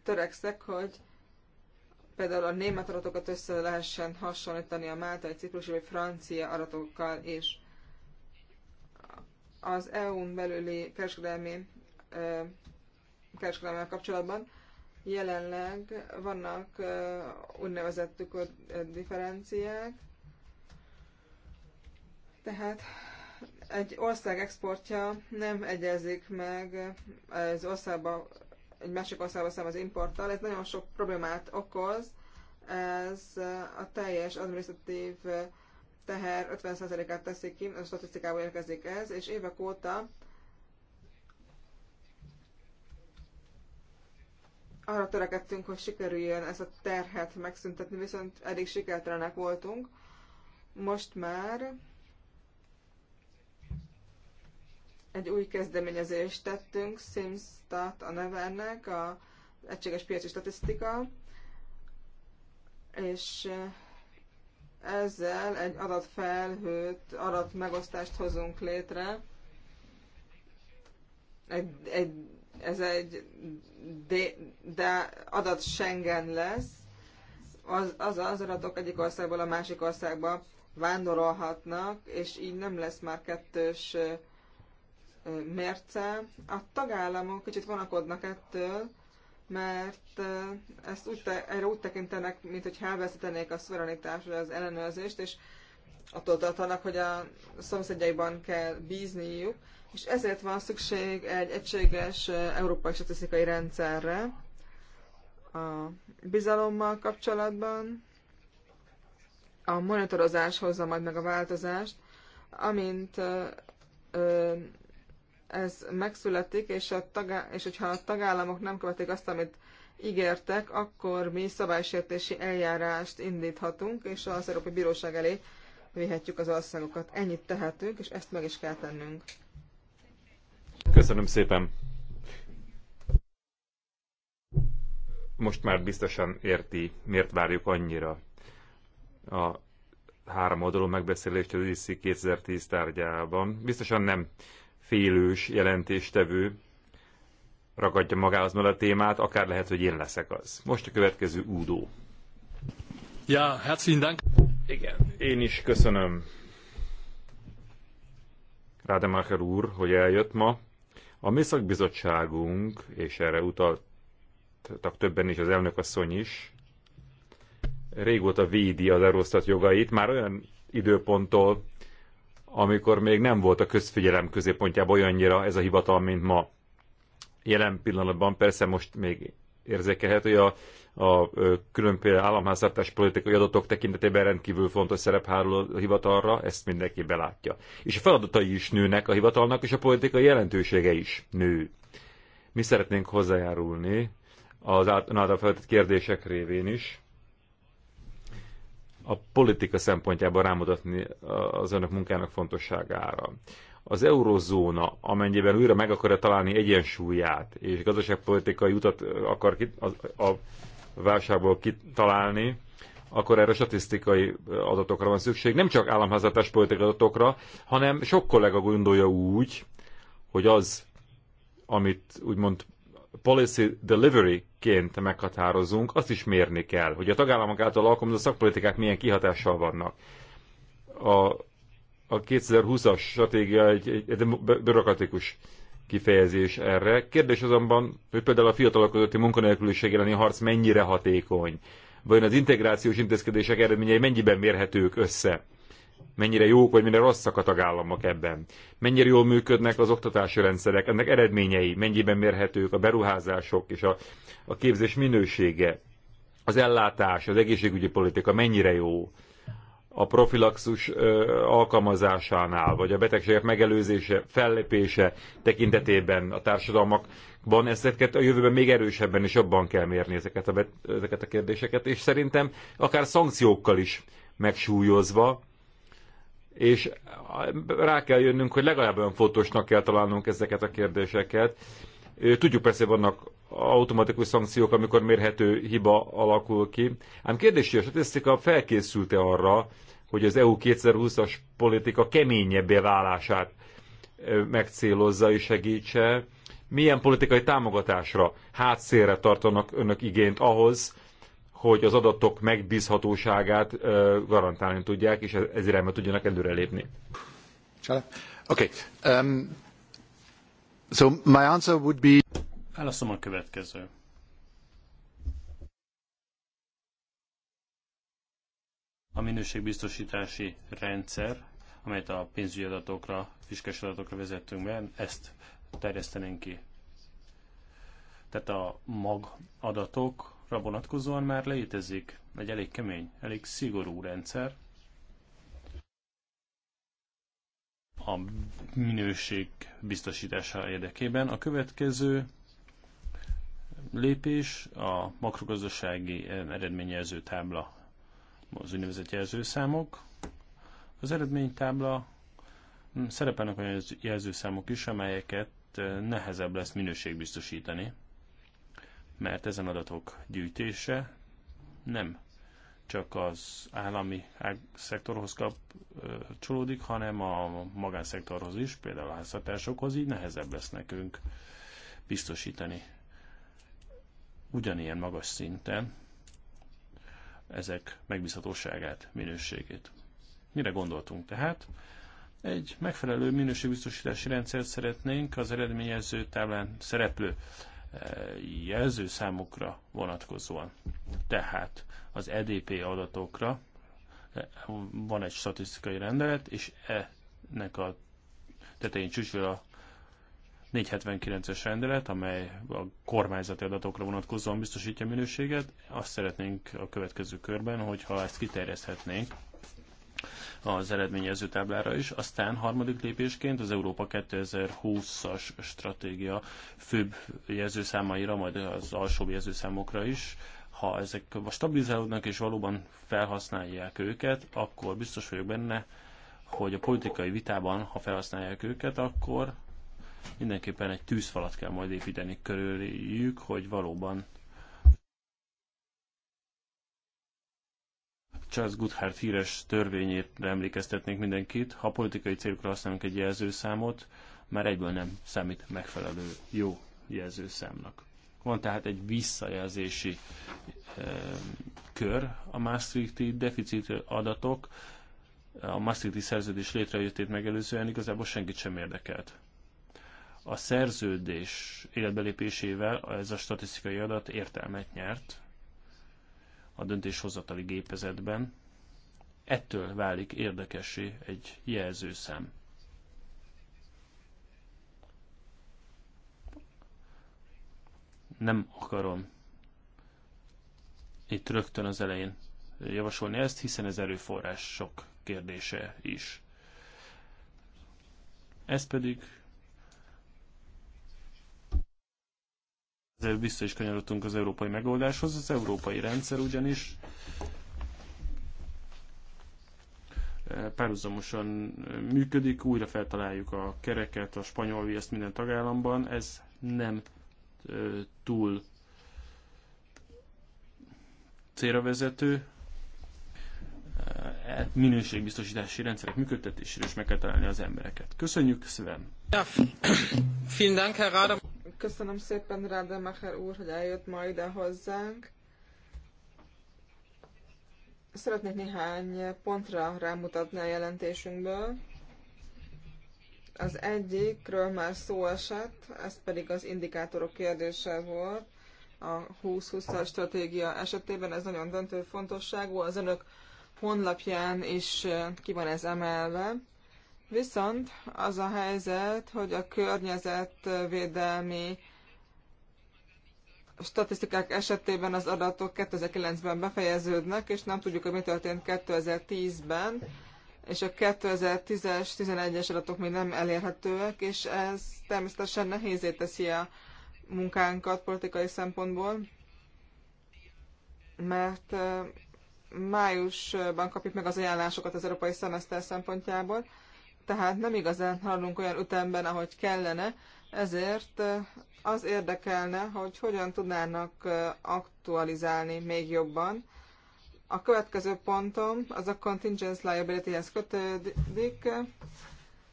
törekszek, hogy például a német adatokat össze lehessen hasonlítani a máltai, ciprusi vagy francia adatokkal, és az EU-n belüli kereskedelmi eh, kereskedelmi kapcsolatban jelenleg vannak úgynevezett differenciák, tehát egy ország exportja nem egyezik meg az országba, egy másik országba szám az importtal, ez nagyon sok problémát okoz, ez a teljes administratív teher 50%-át teszik ki, a statisztikából érkezik ez, és évek óta arra törekedtünk, hogy sikerüljön ezt a terhet megszüntetni, viszont eddig sikertelenek voltunk. Most már egy új kezdeményezést tettünk, SimStat a neve ennek, a egységes piaci statisztika, és eh, ezzel egy adatfelhőt, adatmegosztást hozunk létre. Egy, egy, ez egy de, de adat Schengen lesz, az, az az adatok egyik országból a másik országba vándorolhatnak, és így nem lesz már kettős eh, mérce. A tagállamok kicsit vonakodnak ettől, mert ezt úgy te, erre úgy tekintenek, mint hogy elveszítenék a szuverenitást, az ellenőrzést, és attól tartanak, hogy a szomszédjaiban kell bízniuk, és ezért van szükség egy egységes európai statisztikai rendszerre a bizalommal kapcsolatban. A monitorozás hozza majd meg a változást, amint ö, ö, ez megszületik, és, a tagá- és hogyha a tagállamok nem követik azt, amit ígértek, akkor mi szabálysértési eljárást indíthatunk, és az Európai Bíróság elé vihetjük az országokat. Ennyit tehetünk, és ezt meg is kell tennünk. Köszönöm szépen! Most már biztosan érti, miért várjuk annyira a három oldalú megbeszélést az ISZI 2010 tárgyában. Biztosan nem félős jelentéstevő ragadja magához mellé a témát, akár lehet, hogy én leszek az. Most a következő údó. Ja, herzlichen Dank. Igen, én is köszönöm Rademacher úr, hogy eljött ma. A mi szakbizottságunk, és erre utaltak többen is, az elnökasszony is, régóta védi az Eurostat jogait, már olyan időponttól, amikor még nem volt a közfigyelem középpontjában olyannyira ez a hivatal, mint ma. Jelen pillanatban persze most még érzékelhető, hogy a, a különböző államháztartás politikai adatok tekintetében rendkívül fontos szerep hárul a hivatalra, ezt mindenki belátja. És a feladatai is nőnek a hivatalnak, és a politikai jelentősége is nő. Mi szeretnénk hozzájárulni az által feltett kérdések révén is a politika szempontjából rámutatni az önök munkának fontosságára. Az eurozóna, amennyiben újra meg akarja találni egyensúlyát, és gazdaságpolitikai utat akar ki, a, a válságból kitalálni, akkor erre statisztikai adatokra van szükség. Nem csak államházatás politikai adatokra, hanem sok kollega gondolja úgy, hogy az, amit úgymond policy delivery-ként meghatározunk, azt is mérni kell, hogy a tagállamok által alkalmazott szakpolitikák milyen kihatással vannak. A, a 2020-as stratégia egy, egy, egy bürokratikus kifejezés erre. Kérdés azonban, hogy például a fiatalok közötti munkanélküliség elleni harc mennyire hatékony, vajon az integrációs intézkedések eredményei mennyiben mérhetők össze mennyire jók vagy mennyire rosszak a tagállamok ebben, mennyire jól működnek az oktatási rendszerek, ennek eredményei, mennyiben mérhetők a beruházások és a, a képzés minősége, az ellátás, az egészségügyi politika mennyire jó, a profilaxus alkalmazásánál, vagy a betegségek megelőzése, fellépése tekintetében a társadalmakban ezeket a jövőben még erősebben és jobban kell mérni ezeket a, ezeket a kérdéseket, és szerintem akár szankciókkal is megsúlyozva, és rá kell jönnünk, hogy legalább olyan fontosnak kell találnunk ezeket a kérdéseket. Tudjuk persze, vannak automatikus szankciók, amikor mérhető hiba alakul ki. Ám kérdés, hogy a statisztika felkészült-e arra, hogy az EU 2020-as politika keményebbé válását megcélozza és segítse? Milyen politikai támogatásra, hátszélre tartanak önök igényt ahhoz, hogy az adatok megbízhatóságát garantálni tudják, és ez irányba tudjanak előrelépni. Okay. Um, so my answer would be... Válaszom a következő. A minőségbiztosítási rendszer, amelyet a pénzügyi adatokra, fiskes adatokra vezettünk be, ezt terjesztenénk ki. Tehát a mag adatok, vonatkozóan már létezik egy elég kemény, elég szigorú rendszer. A minőség biztosítása érdekében. A következő lépés a makrogazdasági eredményjelző tábla, az úgynevezett jelzőszámok. Az eredménytábla hm, szerepelnek olyan jelzőszámok is, amelyeket eh, nehezebb lesz minőségbiztosítani mert ezen adatok gyűjtése nem csak az állami szektorhoz kapcsolódik, hanem a magánszektorhoz is, például a háztartásokhoz, így nehezebb lesz nekünk biztosítani ugyanilyen magas szinten ezek megbízhatóságát, minőségét. Mire gondoltunk tehát? Egy megfelelő minőségbiztosítási rendszert szeretnénk az eredményező táblán szereplő jelzőszámokra vonatkozóan. Tehát az EDP adatokra eh, van egy statisztikai rendelet, és ennek a tetején csücsül a 479-es rendelet, amely a kormányzati adatokra vonatkozóan biztosítja minőséget. Azt szeretnénk a következő körben, hogyha ezt kiterjeszthetnénk az eredményező táblára is. Aztán harmadik lépésként az Európa 2020-as stratégia főbb jelzőszámaira, majd az alsóbb jelzőszámokra is ha ezek stabilizálódnak és valóban felhasználják őket, akkor biztos vagyok benne, hogy a politikai vitában, ha felhasználják őket, akkor mindenképpen egy tűzfalat kell majd építeni körüljük, hogy valóban Charles Goodhart híres törvényét emlékeztetnék mindenkit, ha politikai célokra használunk egy jelzőszámot, már egyből nem számít megfelelő jó jelzőszámnak. Van tehát egy visszajelzési e, kör a Maastrichti deficit adatok, a Maastrichti szerződés létrejöttét megelőzően igazából senkit sem érdekelt. A szerződés életbelépésével ez a statisztikai adat értelmet nyert, a döntéshozatali gépezetben, ettől válik érdekessé egy jelzőszám. Nem akarom itt rögtön az elején javasolni ezt, hiszen ez erőforrás sok kérdése is. Ez pedig vissza is kanyarodtunk az európai megoldáshoz. Az európai rendszer ugyanis eh, párhuzamosan eh, működik, újra feltaláljuk a kereket, a spanyol viaszt minden tagállamban, ez nem eh, túl célra vezető, e minőségbiztosítási rendszerek működtetésére is meg kell találni az embereket. Köszönjük, Sven! Ja, vielen Dank, Herr Köszönöm szépen Rádemacher úr, hogy eljött ma ide hozzánk. Szeretnék néhány pontra rámutatni a jelentésünkből. Az egyikről már szó esett, ez pedig az indikátorok kérdése volt. A 2020-as stratégia esetében ez nagyon döntő fontosságú, az önök honlapján is ki van ez emelve Viszont az a helyzet, hogy a környezetvédelmi statisztikák esetében az adatok 2009-ben befejeződnek, és nem tudjuk, hogy mi történt 2010-ben, és a 2010-es, 11-es adatok még nem elérhetőek, és ez természetesen nehézé teszi a munkánkat politikai szempontból, mert eh, májusban kapjuk meg az ajánlásokat az európai szemeszter szempontjából, tehát nem igazán hallunk olyan ütemben, ahogy kellene, ezért az érdekelne, hogy hogyan tudnának aktualizálni még jobban. A következő pontom az a contingency liability-hez kötődik,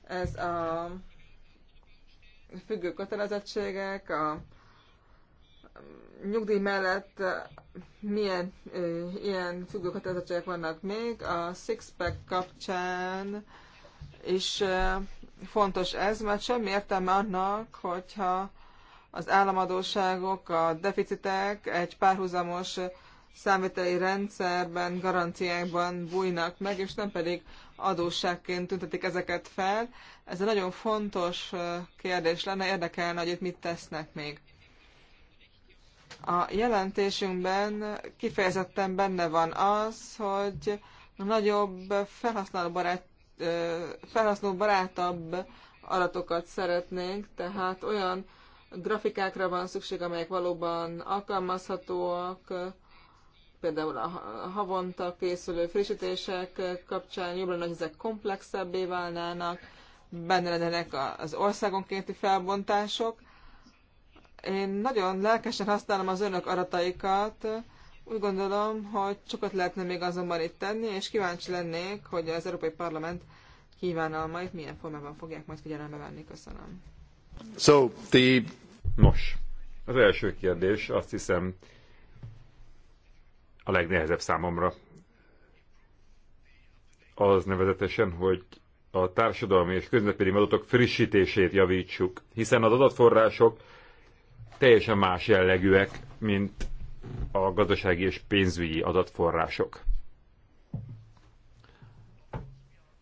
ez a függő kötelezettségek, a nyugdíj mellett milyen ilyen függő kötelezettségek vannak még. A six six-pack kapcsán és fontos ez, mert semmi értelme annak, hogyha az államadóságok, a deficitek egy párhuzamos számviteli rendszerben, garanciákban bújnak meg, és nem pedig adósságként tüntetik ezeket fel. Ez egy nagyon fontos kérdés lenne, érdekelne, hogy itt mit tesznek még. A jelentésünkben kifejezetten benne van az, hogy nagyobb felhasználóbarát felhasználó barátabb adatokat szeretnénk, tehát olyan grafikákra van szükség, amelyek valóban alkalmazhatóak, például a havonta készülő frissítések kapcsán jobban, hogy ezek komplexebbé válnának, benne lennének az országonkénti felbontások. Én nagyon lelkesen használom az önök arataikat, úgy gondolom, hogy sokat lehetne még azonban itt tenni, és kíváncsi lennék, hogy az Európai Parlament kívánalmait milyen formában fogják majd figyelembe venni. Köszönöm. So, the... Nos, az első kérdés azt hiszem a legnehezebb számomra. Az nevezetesen, hogy a társadalmi és közvetlenül adatok frissítését javítsuk, hiszen az adatforrások teljesen más jellegűek, mint a gazdasági és pénzügyi adatforrások.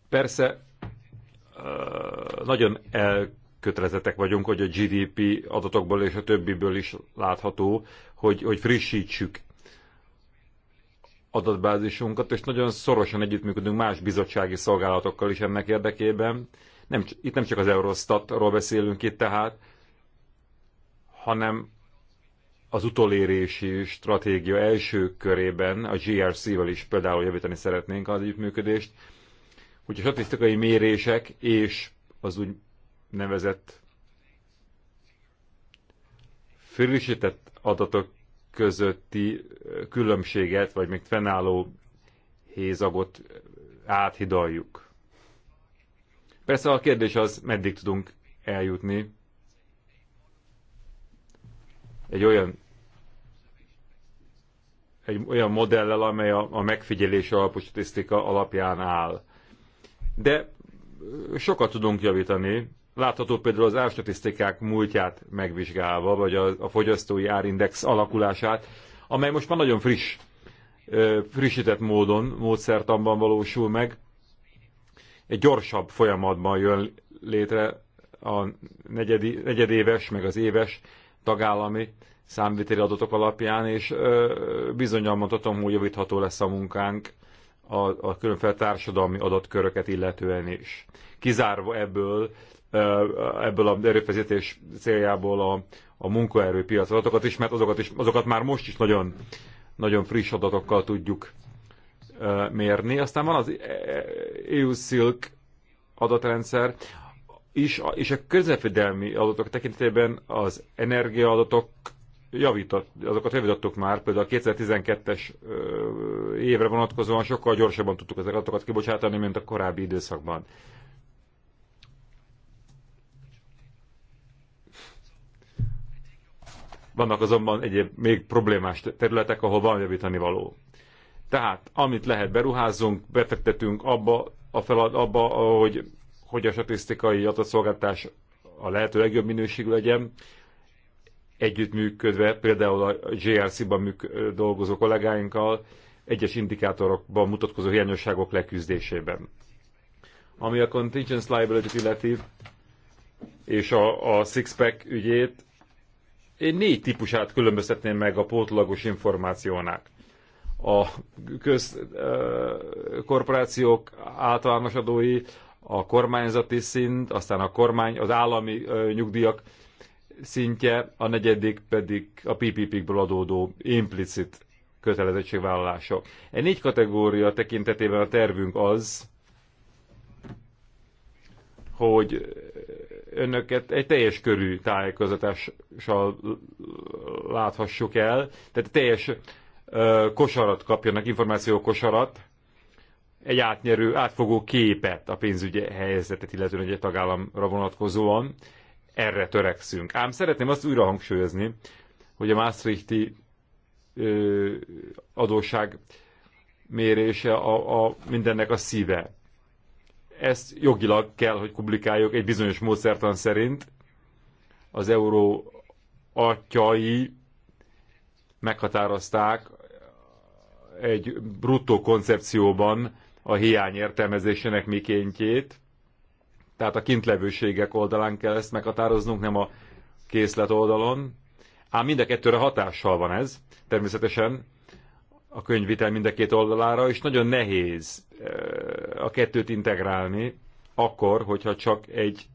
Persze nagyon elkötelezettek vagyunk, hogy a GDP adatokból és a többiből is látható, hogy, hogy frissítsük adatbázisunkat, és nagyon szorosan együttműködünk más bizottsági szolgálatokkal is ennek érdekében. Nem, itt nem csak az Eurostatról beszélünk itt tehát, hanem az utolérési stratégia első körében a GRC-vel is például javítani szeretnénk az együttműködést, hogy a statisztikai mérések és az úgy nevezett frissített adatok közötti különbséget, vagy még fennálló hézagot áthidaljuk. Persze a kérdés az, meddig tudunk eljutni, egy olyan egy olyan modellel, amely a, a megfigyelés alapú statisztika alapján áll. De sokat tudunk javítani, látható például az árstatisztikák múltját megvizsgálva, vagy a, a fogyasztói árindex alakulását, amely most már nagyon friss, frissített módon, módszertamban valósul meg. Egy gyorsabb folyamatban jön létre a negyedi, negyedéves, meg az éves tagállami számviteli adatok alapján, és bizonyal mondhatom, hogy javítható lesz a munkánk a, a különféle társadalmi adatköröket illetően is. Kizárva ebből, ebből a erőfeszítés céljából a, a munkaerőpiac adatokat is, mert azokat, is, azokat már most is nagyon, nagyon friss adatokkal tudjuk mérni. Aztán van az e, e, e, EU-Silk adatrendszer, is, és a közlekedelmi adatok tekintetében az energiaadatok javított, azokat javítottuk már, például a 2012-es évre vonatkozóan sokkal gyorsabban tudtuk az adatokat kibocsátani, mint a korábbi időszakban. Vannak azonban egyéb még problémás területek, ahol van javítani való. Tehát, amit lehet, beruházunk, befektetünk abba, a felad, abba hogy hogy a statisztikai adatszolgáltás a lehető legjobb minőségű legyen, együttműködve például a JRC-ban dolgozó kollégáinkkal, egyes indikátorokban mutatkozó hiányosságok leküzdésében. Ami a contingency liability illeti, és a, a Sixpack ügyét, én négy típusát különböztetném meg a pótlagos információnak. A közkorporációk általános adói, a kormányzati szint, aztán a kormány, az állami nyugdíjak szintje, a negyedik pedig a PPP-kből adódó implicit kötelezettségvállalások. E négy kategória tekintetében a tervünk az, hogy önöket egy teljes körű tájékozatással láthassuk el, tehát teljes kosarat kapjanak, információ kosarat, egy átnyerő, átfogó képet a pénzügyi helyzetet, illetően egy tagállamra vonatkozóan. Erre törekszünk. Ám szeretném azt újra hangsúlyozni, hogy a Maastrichti ö, adósság mérése a, a mindennek a szíve. Ezt jogilag kell, hogy publikáljuk egy bizonyos módszertan szerint. Az euró atyai meghatározták egy bruttó koncepcióban a hiány értelmezésének mikéntjét. Tehát a kintlevőségek oldalán kell ezt meghatároznunk, nem a készlet oldalon. Ám mind a kettőre hatással van ez, természetesen a könyvvitel mind a két oldalára, és nagyon nehéz eh, a kettőt integrálni, akkor, hogyha csak egy,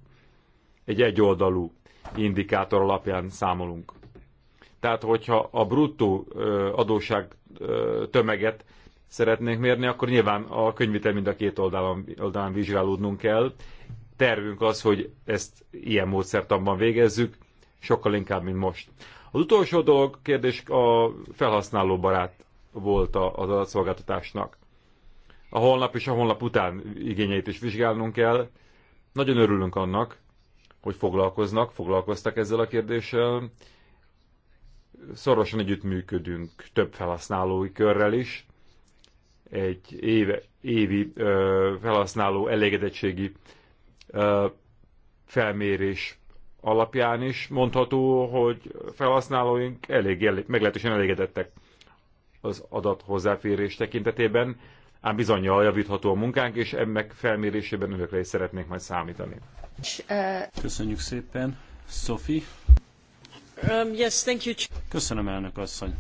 egy egyoldalú indikátor alapján számolunk. Tehát, hogyha a bruttó eh, adóság eh, tömeget szeretnénk mérni, akkor nyilván a könyvitel mind a két oldalon, oldalán vizsgálódnunk kell. Tervünk az, hogy ezt ilyen módszertanban végezzük, sokkal inkább, mint most. Az utolsó dolog, kérdés a felhasználó barát volt az adatszolgáltatásnak. A holnap és a holnap után igényeit is vizsgálnunk kell. Nagyon örülünk annak, hogy foglalkoznak, foglalkoztak ezzel a kérdéssel. Szorosan együttműködünk több felhasználói körrel is, egy éve, évi ö, felhasználó elégedettségi ö, felmérés alapján is mondható, hogy felhasználóink elég, elég meglehetősen elégedettek az adat hozzáférés tekintetében, ám bizonyal javítható a munkánk, és ennek felmérésében önökre is szeretnék majd számítani. Köszönjük szépen. Sophie? Um, yes, thank you. Köszönöm, elnök asszony.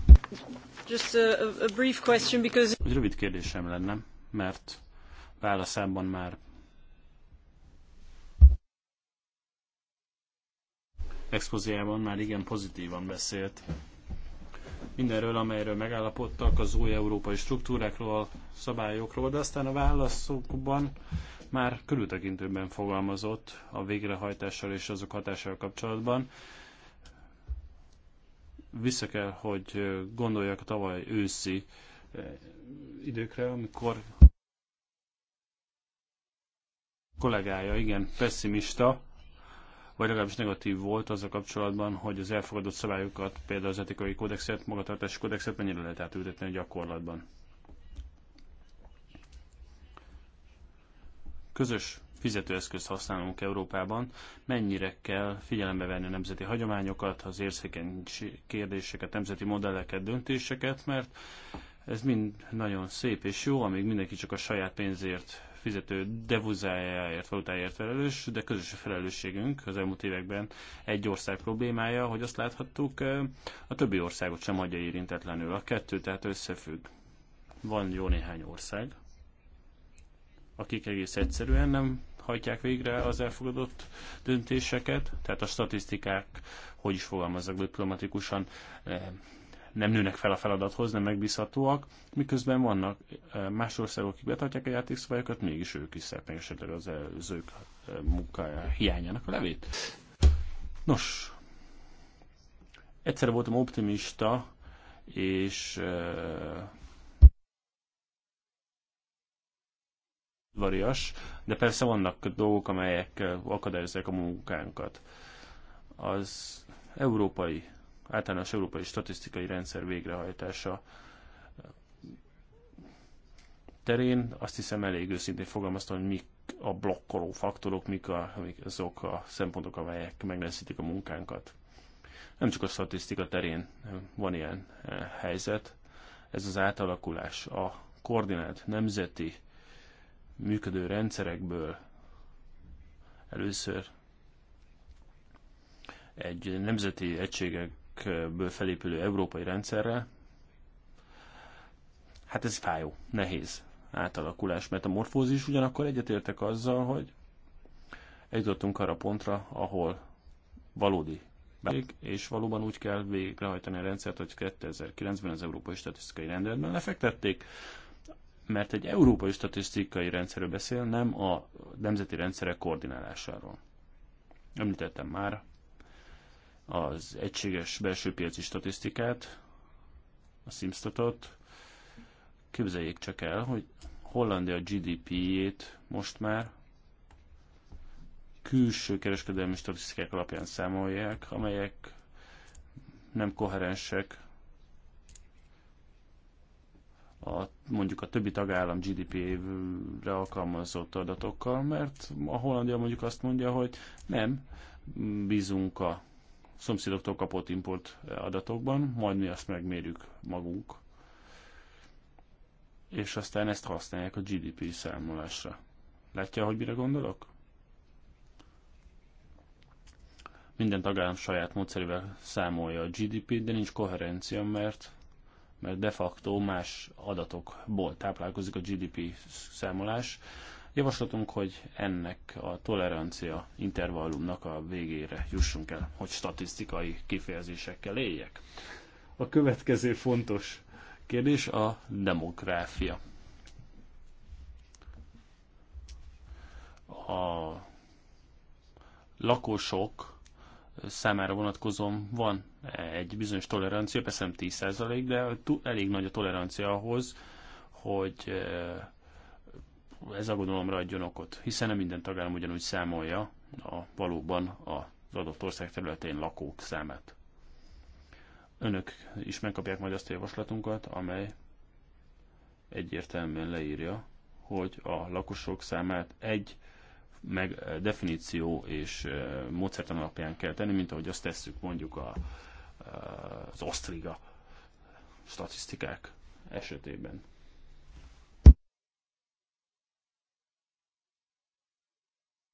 Just a, a brief question because... Egy rövid kérdésem lenne, mert válaszában már expozíjában már igen pozitívan beszélt. Mindenről, amelyről megállapodtak, az új európai struktúrákról, szabályokról, de aztán a válaszokban már körültekintőben fogalmazott a végrehajtással és azok hatással kapcsolatban vissza kell, hogy gondoljak a tavaly őszi időkre, amikor kollégája, igen, pessimista, vagy legalábbis negatív volt az a kapcsolatban, hogy az elfogadott szabályokat, például az etikai kódexet, magatartási kódexet mennyire lehet átültetni a gyakorlatban. Közös fizetőeszközt használunk Európában, mennyire kell figyelembe venni a nemzeti hagyományokat, az érzékeny kérdéseket, nemzeti modelleket, döntéseket, mert ez mind nagyon szép és jó, amíg mindenki csak a saját pénzért fizető devuzájáért, valutájáért felelős, de közös a felelősségünk az elmúlt években egy ország problémája, hogy azt láthattuk, eh, a többi országot sem adja érintetlenül. A kettő tehát összefügg. Van jó néhány ország, akik egész egyszerűen nem hajtják végre az elfogadott döntéseket, tehát a statisztikák, hogy is fogalmazzak diplomatikusan, eh, nem nőnek fel a feladathoz, nem megbízhatóak, miközben vannak eh, más országok, akik betartják a játékszabályokat, mégis ők is szeretnék esetleg az előzők eh, munkája hiányának a levét. Nos, egyszer voltam optimista, és udvarias, de persze vannak dolgok, amelyek eh, akadályozzák a munkánkat. Az európai, általános európai statisztikai rendszer végrehajtása eh, terén azt hiszem elég őszintén fogalmaztam, hogy mik a blokkoló faktorok, mik, a, mik azok a szempontok, amelyek megnehezítik a munkánkat. Nem csak a statisztika terén eh, van ilyen helyzet, ez az átalakulás, a koordinált nemzeti működő rendszerekből először egy nemzeti egységekből felépülő európai rendszerrel, hát ez fájó, nehéz átalakulás, morfózis ugyanakkor egyetértek azzal, hogy eljutottunk arra pontra, ahol valódi és valóban úgy kell végrehajtani a rendszert, hogy 2009-ben az Európai Statisztikai Rendeletben lefektették, mert egy európai statisztikai rendszerről beszél, nem a nemzeti rendszerek koordinálásáról. Említettem már az egységes belső piaci statisztikát, a Simstatot. Képzeljék csak el, hogy Hollandia GDP-jét most már külső kereskedelmi statisztikák alapján számolják, amelyek nem koherensek a, mondjuk a többi tagállam GDP-re alkalmazott adatokkal, mert a Hollandia mondjuk azt mondja, hogy nem, bízunk a szomszédoktól kapott import adatokban, majd mi azt megmérjük magunk, és aztán ezt használják a GDP számolásra. Látja, hogy mire gondolok? Minden tagállam saját módszerével számolja a GDP-t, de nincs koherencia, mert mert de facto más adatokból táplálkozik a GDP számolás. Javaslatunk, hogy ennek a tolerancia intervallumnak a végére jussunk el, hogy statisztikai kifejezésekkel éljek. A következő fontos kérdés a demográfia. A lakosok számára vonatkozom van egy bizonyos tolerancia, persze nem 10%, de elég nagy a tolerancia ahhoz, hogy eh, ez aggodalomra adjon okot, hiszen nem minden tagállam ugyanúgy számolja a valóban az adott ország területén lakók számát. Önök is megkapják majd azt a javaslatunkat, amely egyértelműen leírja, hogy a lakosok számát egy meg eh, definíció és eh, módszertan alapján kell tenni, mint ahogy azt tesszük mondjuk a, eh, az osztriga statisztikák esetében.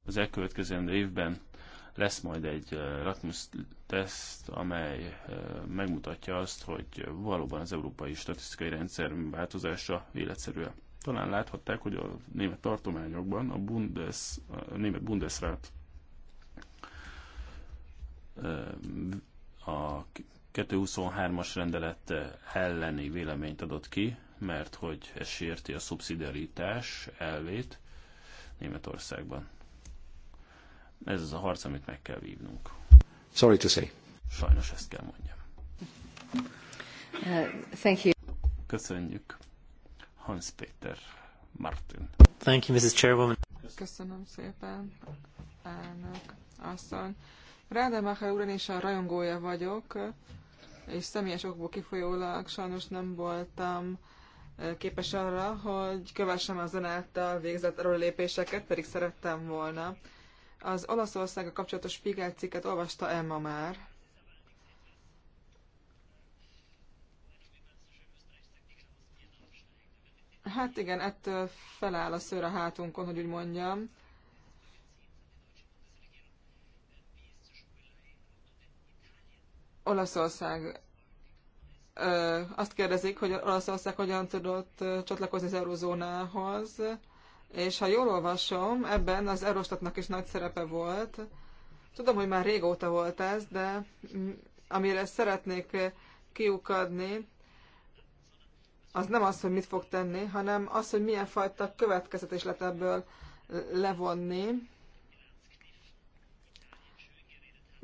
Az elkövetkezendő évben lesz majd egy Ratmus teszt, amely megmutatja azt, hogy valóban az európai statisztikai rendszer változása életszerű talán láthatták, hogy a német tartományokban a, Bundes, a német Bundesrat a 223-as rendelet elleni véleményt adott ki, mert hogy ez sérti a szubszidiaritás elvét Németországban. Ez az a harc, amit meg kell vívnunk. Sorry to say. Sajnos ezt kell mondjam. Uh, thank you. Köszönjük. Hans Peter Martin. Thank you, Mrs. Chairwoman. Köszönöm szépen, elnök asszony. Rádemacher úrán is a rajongója vagyok, és személyes okból kifolyólag sajnos nem voltam képes arra, hogy kövessem a által végzett lépéseket, pedig szerettem volna. Az a kapcsolatos Spiegel cikket olvasta Emma már. Hát igen, ettől feláll a szőr a hátunkon, hogy úgy mondjam. Olaszország. Ö, azt kérdezik, hogy Olaszország hogyan tudott csatlakozni az eurozónához, és ha jól olvasom, ebben az Eurostatnak is nagy szerepe volt. Tudom, hogy már régóta volt ez, de amire szeretnék kiukadni, az nem az, hogy mit fog tenni, hanem az, hogy milyen fajta következetés lehet ebből levonni.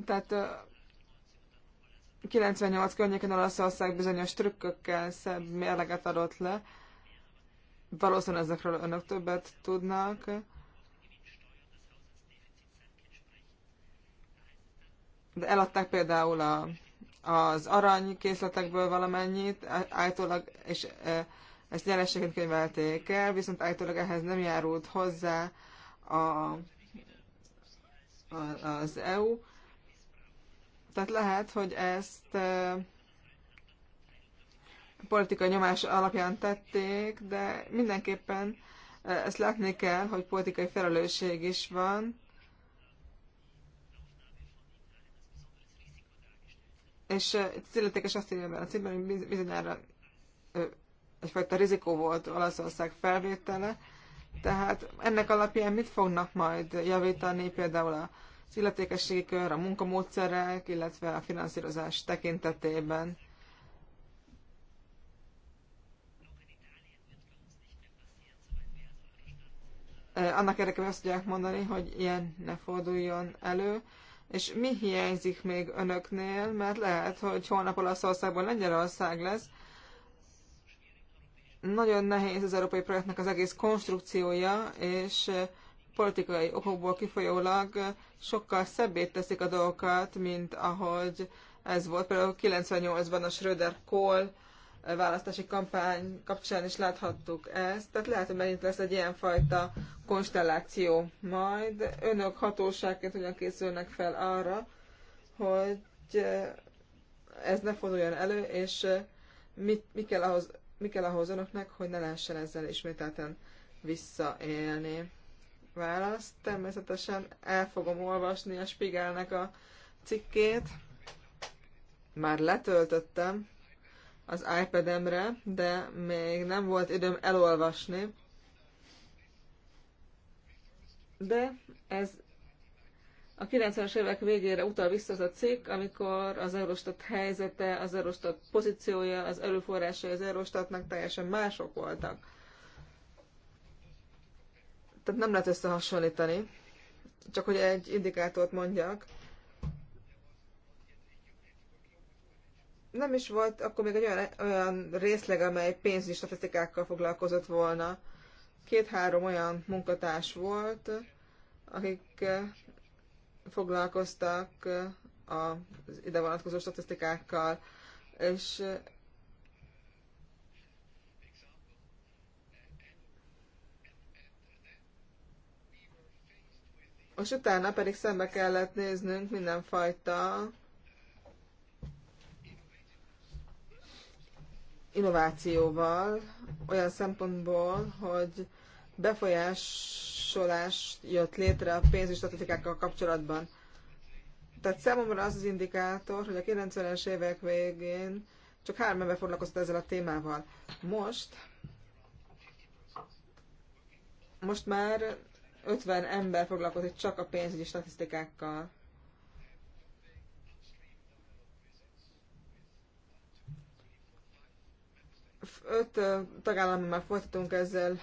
Tehát 98 környéken Olaszország bizonyos trükkökkel szebb mérleget adott le. Valószínűleg ezekről önök többet tudnak. De eladták például a az aranykészletekből valamennyit, állítólag, és ezt nyerességet könyvelték el, viszont állítólag ehhez nem járult hozzá a, a, az EU. Tehát lehet, hogy ezt e, politikai nyomás alapján tették, de mindenképpen ezt látni kell, hogy politikai felelősség is van, és az illetékes azt írja a címben, hogy bizonyára egyfajta rizikó volt Olaszország felvétele, tehát ennek alapján mit fognak majd javítani például a illetékességi kör, a munkamódszerek, illetve a finanszírozás tekintetében? Annak érdekében azt tudják mondani, hogy ilyen ne forduljon elő, és mi hiányzik még önöknél, mert lehet, hogy holnap Olaszországban Lengyelország lesz. Nagyon nehéz az európai projektnek az egész konstrukciója, és eh, politikai okokból kifolyólag eh, sokkal szebbé teszik a dolgokat, mint ahogy ez volt például 98-ban a Schröder-Kohl választási kampány kapcsán is láthattuk ezt, tehát lehet, hogy megint lesz egy ilyenfajta konstelláció majd. Önök hatóságként hogyan készülnek fel arra, hogy eh, ez ne forduljon elő, és eh, mit, mi, kell ahhoz, mi kell ahhoz önöknek, hogy ne lehessen ezzel ismételten visszaélni. Választ, természetesen el fogom olvasni a Spigelnek a cikkét. Már letöltöttem, az iPad-emre, de még nem volt időm elolvasni. De ez a 90-es évek végére utal vissza az a cikk, amikor az Eurostat helyzete, az Eurostat pozíciója, az erőforrásai az Eurostatnak teljesen mások voltak. Tehát nem lehet összehasonlítani. Csak hogy egy indikátort mondjak, nem is volt akkor még egy olyan, olyan részleg, amely pénzügyi statisztikákkal foglalkozott volna. Két-három olyan munkatárs volt, akik eh, foglalkoztak eh, az ide vonatkozó statisztikákkal, és eh, és utána pedig szembe kellett néznünk mindenfajta innovációval, olyan szempontból, hogy befolyásolás jött létre a pénzügyi statisztikákkal kapcsolatban. Tehát számomra az az indikátor, hogy a 90-es évek végén csak három ember foglalkozott ezzel a témával. Most, most már 50 ember foglalkozik csak a pénzügyi statisztikákkal. öt tagállamban már folytatunk ezzel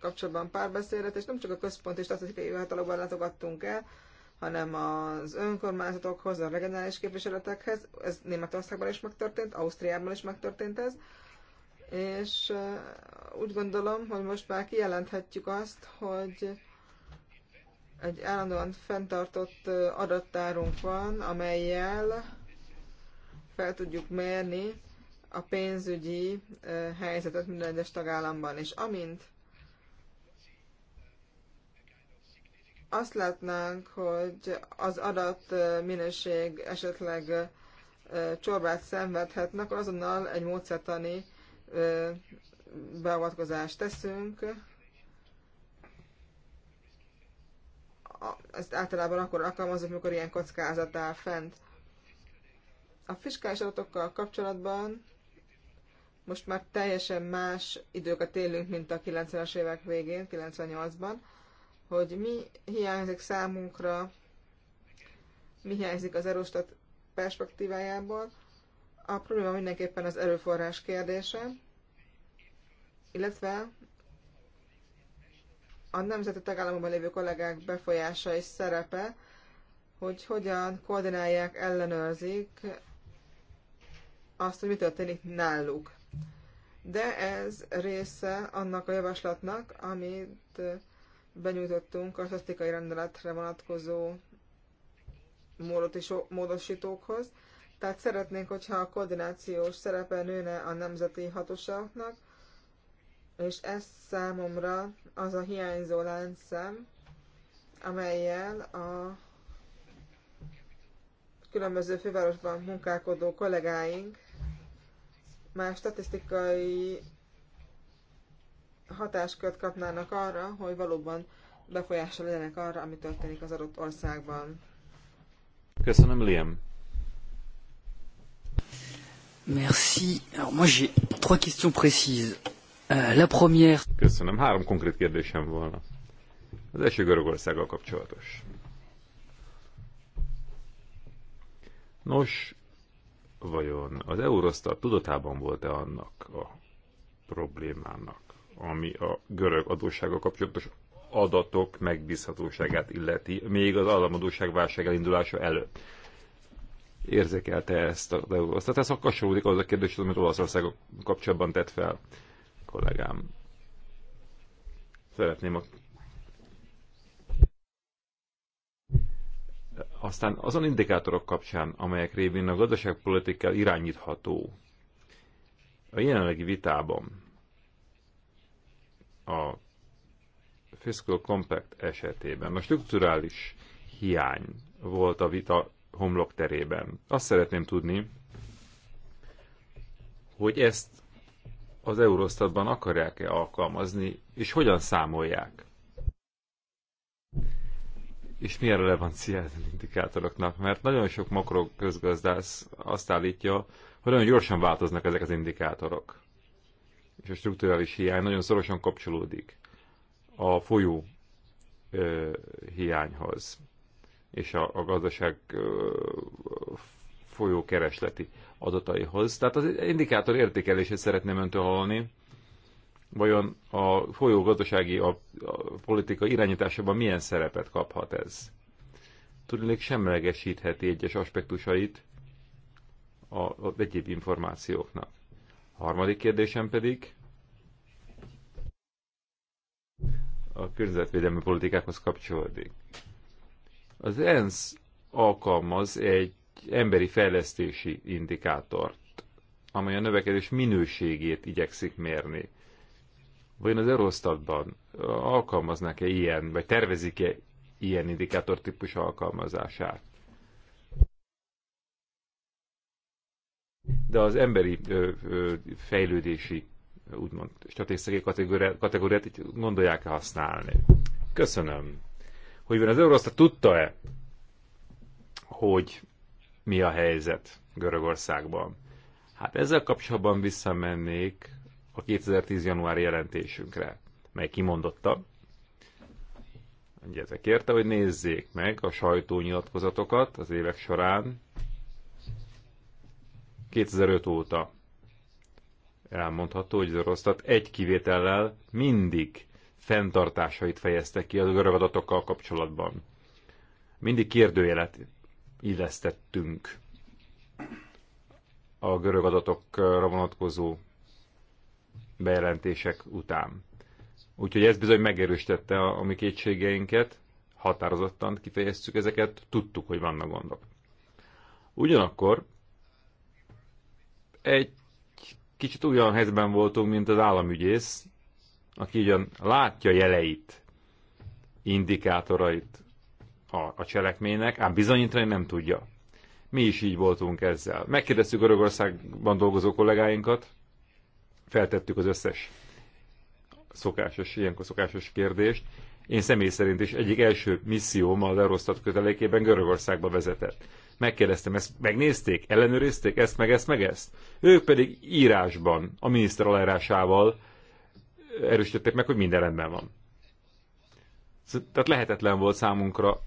kapcsolatban párbeszédet, és nem csak a központi statisztikai hivatalokban látogattunk el, hanem az önkormányzatokhoz, a regionális képviseletekhez, ez Németországban is megtörtént, Ausztriában is megtörtént ez, és úgy gondolom, hogy most már kijelenthetjük azt, hogy egy állandóan fenntartott adattárunk van, amelyel fel tudjuk mérni a pénzügyi helyzetet minden egyes tagállamban. És amint azt látnánk, hogy az adat minőség esetleg csorbát szenvedhetnek, akkor azonnal egy módszertani beavatkozást teszünk. Ezt általában akkor alkalmazunk, mikor ilyen kockázat áll fent. A fiskális adatokkal kapcsolatban most már teljesen más időket élünk, mint a 90-es évek végén, 98-ban, hogy mi hiányzik számunkra, mi hiányzik az Eurostat perspektívájából. A probléma mindenképpen az erőforrás kérdése, illetve a nemzeti tagállamokban lévő kollégák befolyása és szerepe, hogy hogyan koordinálják, ellenőrzik azt, hogy mi történik náluk de ez része annak a javaslatnak, amit benyújtottunk a statikai rendeletre vonatkozó módosítókhoz. Tehát szeretnénk, hogyha a koordinációs szerepe nőne a nemzeti hatóságoknak, és ez számomra az a hiányzó láncszem, amelyel a különböző fővárosban munkálkodó kollégáink már statisztikai hatáskört kapnának arra, hogy valóban befolyással legyenek arra, ami történik az adott országban. Köszönöm, Liam. Merci. Alors moi j'ai trois questions précises. Euh, la première... Köszönöm. Három konkrét kérdésem volna. Az első Görögországgal kapcsolatos. Nos, vajon az Eurostat tudatában volt-e annak a problémának, ami a görög adóssága kapcsolatos adatok megbízhatóságát illeti, még az államadóság válság elindulása előtt. Érzékelte ezt az Eurostat? Ez kapcsolódik az a kérdés, amit Olaszország kapcsolatban tett fel kollégám. Szeretném a Aztán azon indikátorok kapcsán, amelyek révén a gazdaságpolitika irányítható, a jelenlegi vitában a Fiscal Compact esetében a strukturális hiány volt a vita homlok terében. Azt szeretném tudni, hogy ezt az Eurostatban akarják-e alkalmazni, és hogyan számolják és milyen relevanciát indikátoroknak, mert nagyon sok közgazdász azt állítja, hogy nagyon gyorsan változnak ezek az indikátorok. És a strukturális hiány nagyon szorosan kapcsolódik a folyó ö, hiányhoz és a, a gazdaság ö, folyó keresleti adataihoz. Tehát az indikátor értékelését szeretném öntől hallani, vajon a folyó gazdasági a, a politika irányításában milyen szerepet kaphat ez? Tudnék semlegesítheti egyes aspektusait a, az egyéb információknak. A harmadik kérdésem pedig a környezetvédelmi politikákhoz kapcsolódik. Az ENSZ alkalmaz egy emberi fejlesztési indikátort, amely a növekedés minőségét igyekszik mérni Vajon az Eurostatban alkalmaznak-e ilyen, vagy tervezik-e ilyen típus alkalmazását? De az emberi ö, ö, fejlődési úgymond statisztikai kategóriát, kategóriát így gondolják-e használni. Köszönöm. Hogy van az Eurostat tudta-e, hogy mi a helyzet Görögországban? Hát ezzel kapcsolatban visszamennék a 2010. január jelentésünkre, mely kimondotta, ugye kérte, hogy nézzék meg a sajtónyilatkozatokat az évek során 2005 óta. Elmondható, hogy az Eurostat egy kivétellel mindig fenntartásait fejezte ki az görög adatokkal kapcsolatban. Mindig kérdőjelet illesztettünk a görög adatokra vonatkozó bejelentések után. Úgyhogy ez bizony megerősítette a, a mi kétségeinket, határozottan kifejeztük ezeket, tudtuk, hogy vannak gondok. Ugyanakkor egy kicsit olyan helyzetben voltunk, mint az államügyész, aki ugyan látja jeleit, indikátorait a, a cselekménynek, ám bizonyítani nem tudja. Mi is így voltunk ezzel. Megkérdeztük Görögországban dolgozó kollégáinkat, feltettük az összes szokásos, ilyenkor szokásos kérdést. Én személy szerint is egyik első misszióm az Eurostat kötelékében Görögországba vezetett. Megkérdeztem, ezt megnézték, ellenőrizték ezt, meg ezt, meg ezt. Ők pedig írásban, a miniszter alárásával erősítették meg, hogy minden rendben van. Szóval, tehát lehetetlen volt számunkra,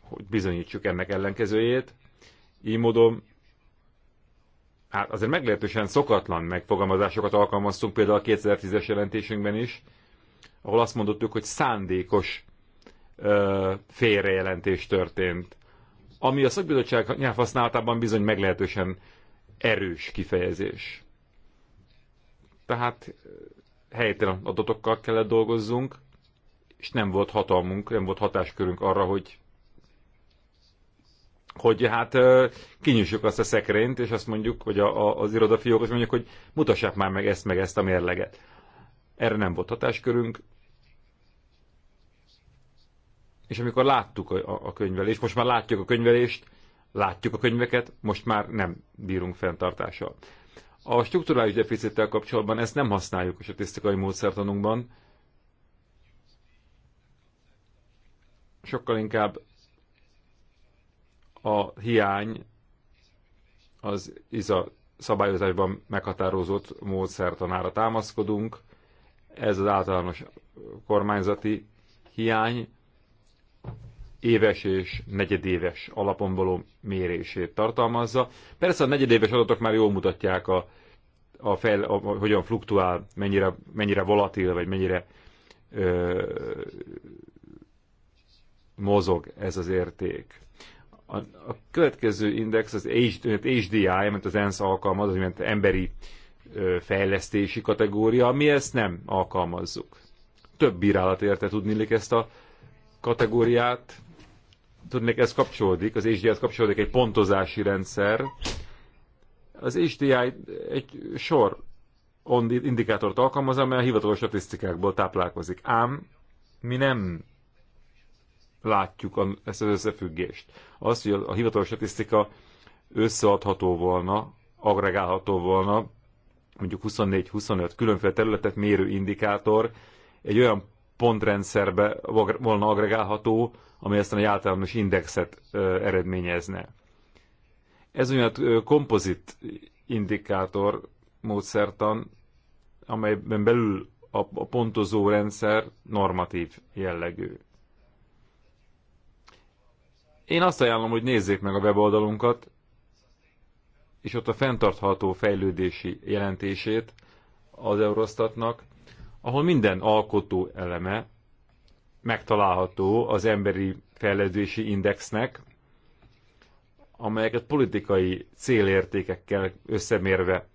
hogy bizonyítsuk ennek ellenkezőjét. Így módon hát azért meglehetősen szokatlan megfogalmazásokat alkalmaztunk, például a 2010-es jelentésünkben is, ahol azt mondottuk, hogy szándékos ö, félrejelentés történt, ami a szakbizottság nyelvhasználatában bizony meglehetősen erős kifejezés. Tehát helytelen adatokkal kellett dolgozzunk, és nem volt hatalmunk, nem volt hatáskörünk arra, hogy hogy hát kinyissuk azt a szekrényt, és azt mondjuk, hogy a, a, az azt mondjuk, hogy mutassák már meg ezt, meg ezt a mérleget. Erre nem volt hatáskörünk, és amikor láttuk a, a, a könyvelést, most már látjuk a könyvelést, látjuk a könyveket, most már nem bírunk fenntartással. A strukturális deficittel kapcsolatban ezt nem használjuk a statisztikai módszertanunkban, sokkal inkább a hiány az ISA szabályozásban meghatározott módszertanára támaszkodunk. Ez az általános kormányzati hiány éves és negyedéves alapon való mérését tartalmazza. Persze a negyedéves adatok már jól mutatják, a, a fel, a, hogyan fluktuál, mennyire, mennyire volatil, vagy mennyire ö, mozog ez az érték. A, a következő index az HDI, mert az ENSZ alkalmaz, az emberi fejlesztési kategória, mi ezt nem alkalmazzuk. Több bírálat érte tudnélik ezt a kategóriát. Tudnék, ez kapcsolódik, az hdi kapcsolódik egy pontozási rendszer. Az HDI egy sor indikátort alkalmaz, amely a hivatalos statisztikákból táplálkozik. Ám mi nem látjuk ezt az összefüggést. Az, hogy a hivatalos statisztika összeadható volna, agregálható volna, mondjuk 24-25 különféle területet mérő indikátor egy olyan pontrendszerbe volna agregálható, ami ezt a általános indexet eredményezne. Ez olyan kompozit indikátor módszertan, amelyben belül a pontozó rendszer normatív jellegű. Én azt ajánlom, hogy nézzék meg a weboldalunkat, és ott a fenntartható fejlődési jelentését az Eurostatnak, ahol minden alkotó eleme megtalálható az emberi fejlődési indexnek, amelyeket politikai célértékekkel összemérve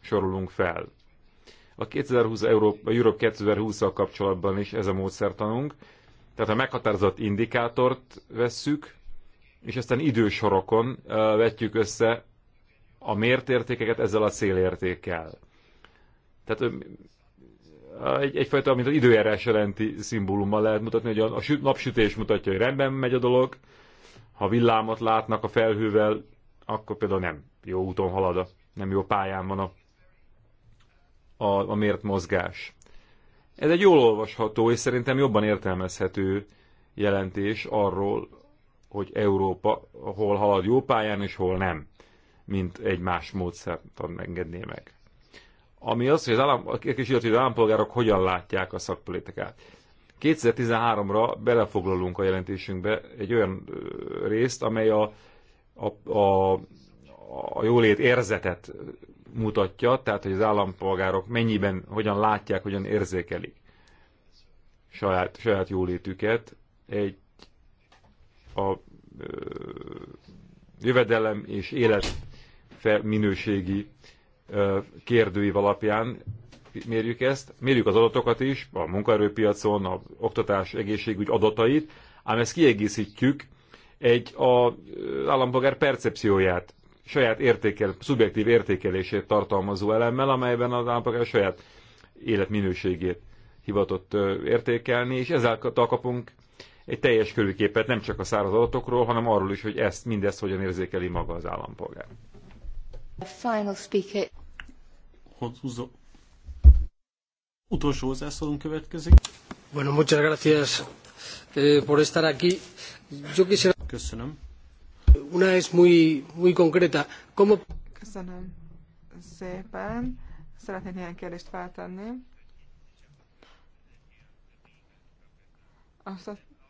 sorolunk fel. A 2020 Európa, Europe 2020-al kapcsolatban is ez a módszertanunk, tehát a meghatározott indikátort vesszük, és aztán idősorokon vetjük össze a mért értékeket ezzel a célértékkel. Tehát egy, egyfajta, mint az időjárás jelenti szimbólummal lehet mutatni, hogy a, a süt, napsütés mutatja, hogy rendben megy a dolog, ha villámot látnak a felhővel, akkor például nem jó úton halad, a, nem jó pályán van a, a, a mért mozgás. Ez egy jól olvasható és szerintem jobban értelmezhető jelentés arról, hogy Európa hol halad jó pályán és hol nem, mint egy más módszer engedné meg. Ami az, hogy az, állam, illető, hogy az állampolgárok hogyan látják a szakpolitikát. 2013-ra belefoglalunk a jelentésünkbe egy olyan részt, amely a, a, a, a jólét érzetet mutatja, tehát hogy az állampolgárok mennyiben, hogyan látják, hogyan érzékelik saját, saját jólétüket. Egy a ö, jövedelem és élet minőségi kérdőív alapján mérjük ezt, mérjük az adatokat is, a munkaerőpiacon, a oktatás, egészségügy adatait, ám ezt kiegészítjük egy az állampolgár percepcióját saját értékel, szubjektív értékelését tartalmazó elemmel, amelyben az állampolgár saját életminőségét hivatott értékelni, és ezáltal kapunk egy teljes körülképet nem csak a száraz adatokról, hanem arról is, hogy ezt, mindezt hogyan érzékeli maga az állampolgár. A final Utolsó hozzászólunk következik. Bueno, muchas gracias eh, por estar aquí. Yo quisiera... Köszönöm. Una es muy, muy concreta. ¿Cómo... Köszönöm szépen. Szeretnék kérdést feltenni. A,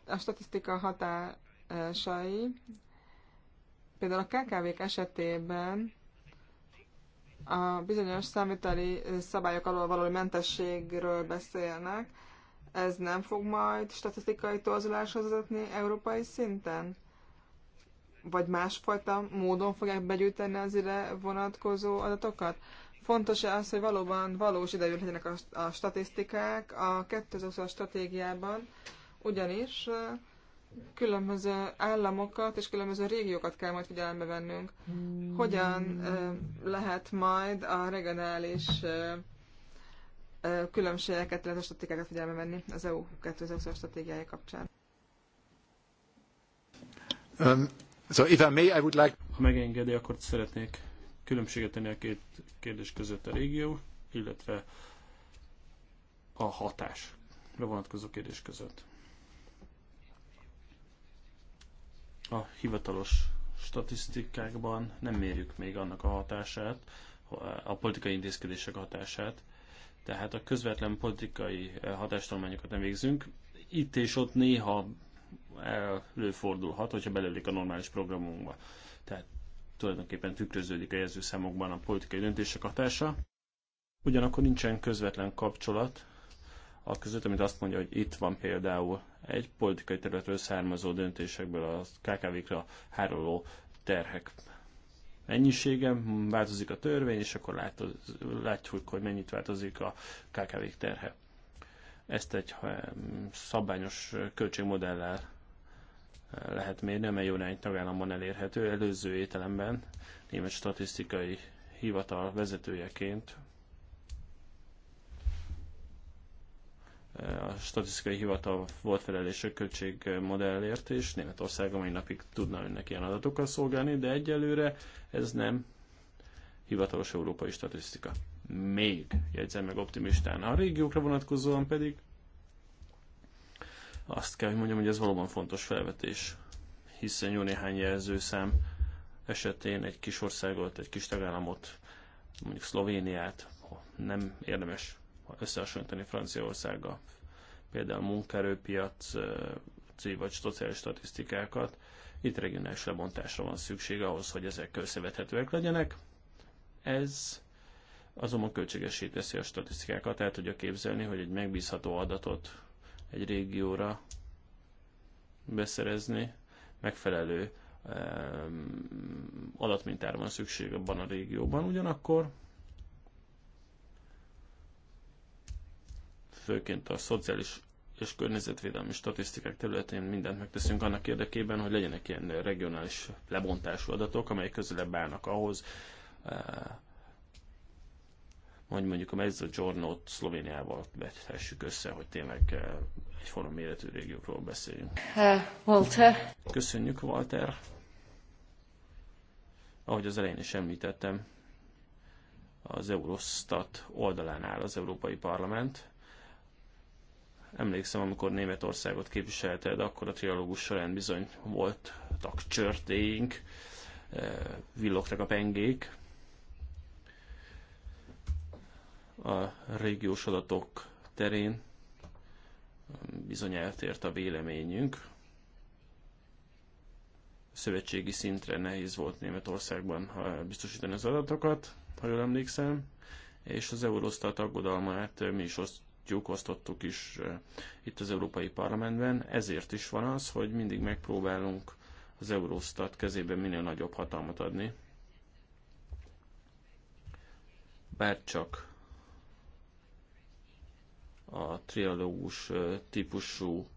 a statisztika hatásai, például a KKV-k esetében a bizonyos szabályok alól való mentességről beszélnek, ez nem fog majd statisztikai torzuláshoz vezetni európai szinten? vagy másfajta módon fogják begyűjteni az ide vonatkozó adatokat? Fontos-e az, hogy valóban valós idejű legyenek a, a statisztikák a 2020-as stratégiában, ugyanis különböző államokat és különböző régiókat kell majd figyelembe vennünk. Hogyan lehet majd a regionális különbségeket, illetve statisztikákat figyelembe venni az EU 2020-as stratégiája kapcsán? So if I may, I would like... Ha megengedi, akkor szeretnék különbséget tenni a két kérdés között a régió, illetve a hatásra vonatkozó kérdés között. A hivatalos statisztikákban nem mérjük még annak a hatását, a politikai intézkedések hatását, tehát a közvetlen politikai hatástalmányokat nem végzünk. Itt és ott néha előfordulhat, hogyha belőlik a normális programunkba. Tehát tulajdonképpen tükröződik a jelzőszámokban a politikai döntések hatása. Ugyanakkor nincsen közvetlen kapcsolat a között, amit azt mondja, hogy itt van például egy politikai területről származó döntésekből a KKV-kra hároló terhek mennyisége, változik a törvény, és akkor látjuk, hogy mennyit változik a KKV-k terhe. Ezt egy szabályos költségmodellel lehet mérni, amely jó néhány tagállamban elérhető. Előző ételemben német statisztikai hivatal vezetőjeként a statisztikai hivatal volt felelős a költségmodellért, és Németország a mai napig tudna önnek ilyen adatokkal szolgálni, de egyelőre ez nem hivatalos európai statisztika még, jegyzem meg optimistán. A régiókra vonatkozóan pedig azt kell, hogy mondjam, hogy ez valóban fontos felvetés, hiszen jó néhány jelzőszám esetén egy kis országot, egy kis tagállamot, mondjuk Szlovéniát nem érdemes összehasonlítani Franciaországgal. Például munkaerőpiac, vagy szociális statisztikákat. Itt regionális lebontásra van szükség ahhoz, hogy ezek összevethetőek legyenek. Ez azonban költségesé teszi a statisztikákat. El tudja képzelni, hogy egy megbízható adatot egy régióra beszerezni megfelelő um, adatmintára van szükség abban a régióban. Ugyanakkor főként a szociális és környezetvédelmi statisztikák területén mindent megteszünk annak érdekében, hogy legyenek ilyen regionális lebontású adatok, amelyek közelebb állnak ahhoz, hogy mondjuk a Mezzogiornót Szlovéniával vethessük össze, hogy tényleg eh, forró méretű régiókról beszéljünk. Walter. Köszönjük, Walter. Ahogy az elején is említettem, az Eurostat oldalán áll az Európai Parlament. Emlékszem, amikor Németországot képviselted, akkor a trialógus során bizony voltak csörtéink, eh, villogtak a pengék, a régiós adatok terén bizony eltért a véleményünk. Szövetségi szintre nehéz volt Németországban biztosítani az adatokat, ha jól emlékszem, és az Eurostat aggodalmát mi is osztjuk, osztottuk is eh, itt az Európai Parlamentben. Ezért is van az, hogy mindig megpróbálunk az Eurostat kezében minél nagyobb hatalmat adni. Bár csak a trialógus típusú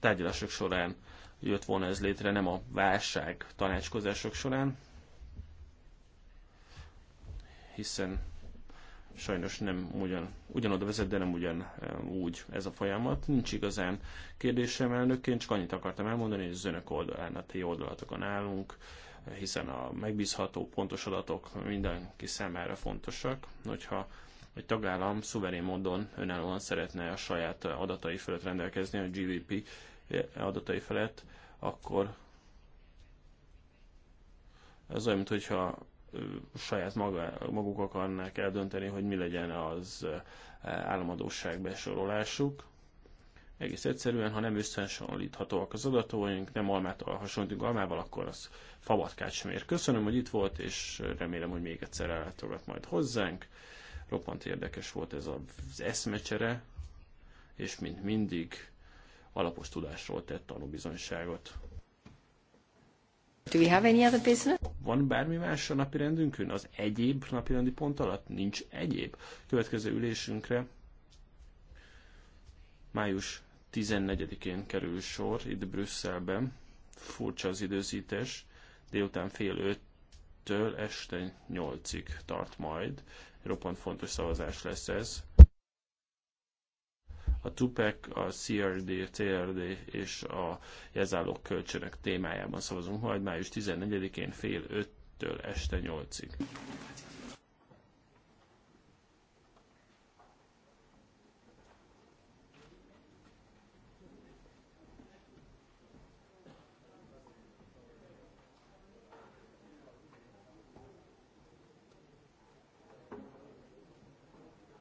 tárgyalások során jött volna ez létre, nem a válság tanácskozások során, hiszen sajnos nem ugyan, ugyanoda vezet, de nem ugyan úgy ez a folyamat. Nincs igazán kérdésem elnökként, csak annyit akartam elmondani, hogy az önök oldalán, a ti oldalatokon állunk, hiszen a megbízható, pontos adatok mindenki számára fontosak. Hogyha egy tagállam szuverén módon önállóan szeretne a saját adatai felett rendelkezni, a GDP adatai felett, akkor ez olyan, mintha saját maga, maguk akarnák eldönteni, hogy mi legyen az államadóság besorolásuk. Egész egyszerűen, ha nem összehasonlíthatóak az adataink, nem almát hasonlítunk almával, akkor az fabatkát sem ér. Köszönöm, hogy itt volt, és remélem, hogy még egyszer ellátogat majd hozzánk. Roppant érdekes volt ez az eszmecsere, és mint mindig alapos tudásról tett tanúbizonyságot. Do we have any other business? Van bármi más a napi rendünkön? Az egyéb napi rendi pont alatt nincs egyéb. Következő ülésünkre május 14-én kerül sor itt Brüsszelben. Furcsa az időzítés. Délután fél öttől től este nyolcig tart majd. Roppant fontos szavazás lesz ez. A TUPEC, a CRD, CRD és a jelzálók kölcsönök témájában szavazunk majd május 14-én fél öttől től este nyolcig.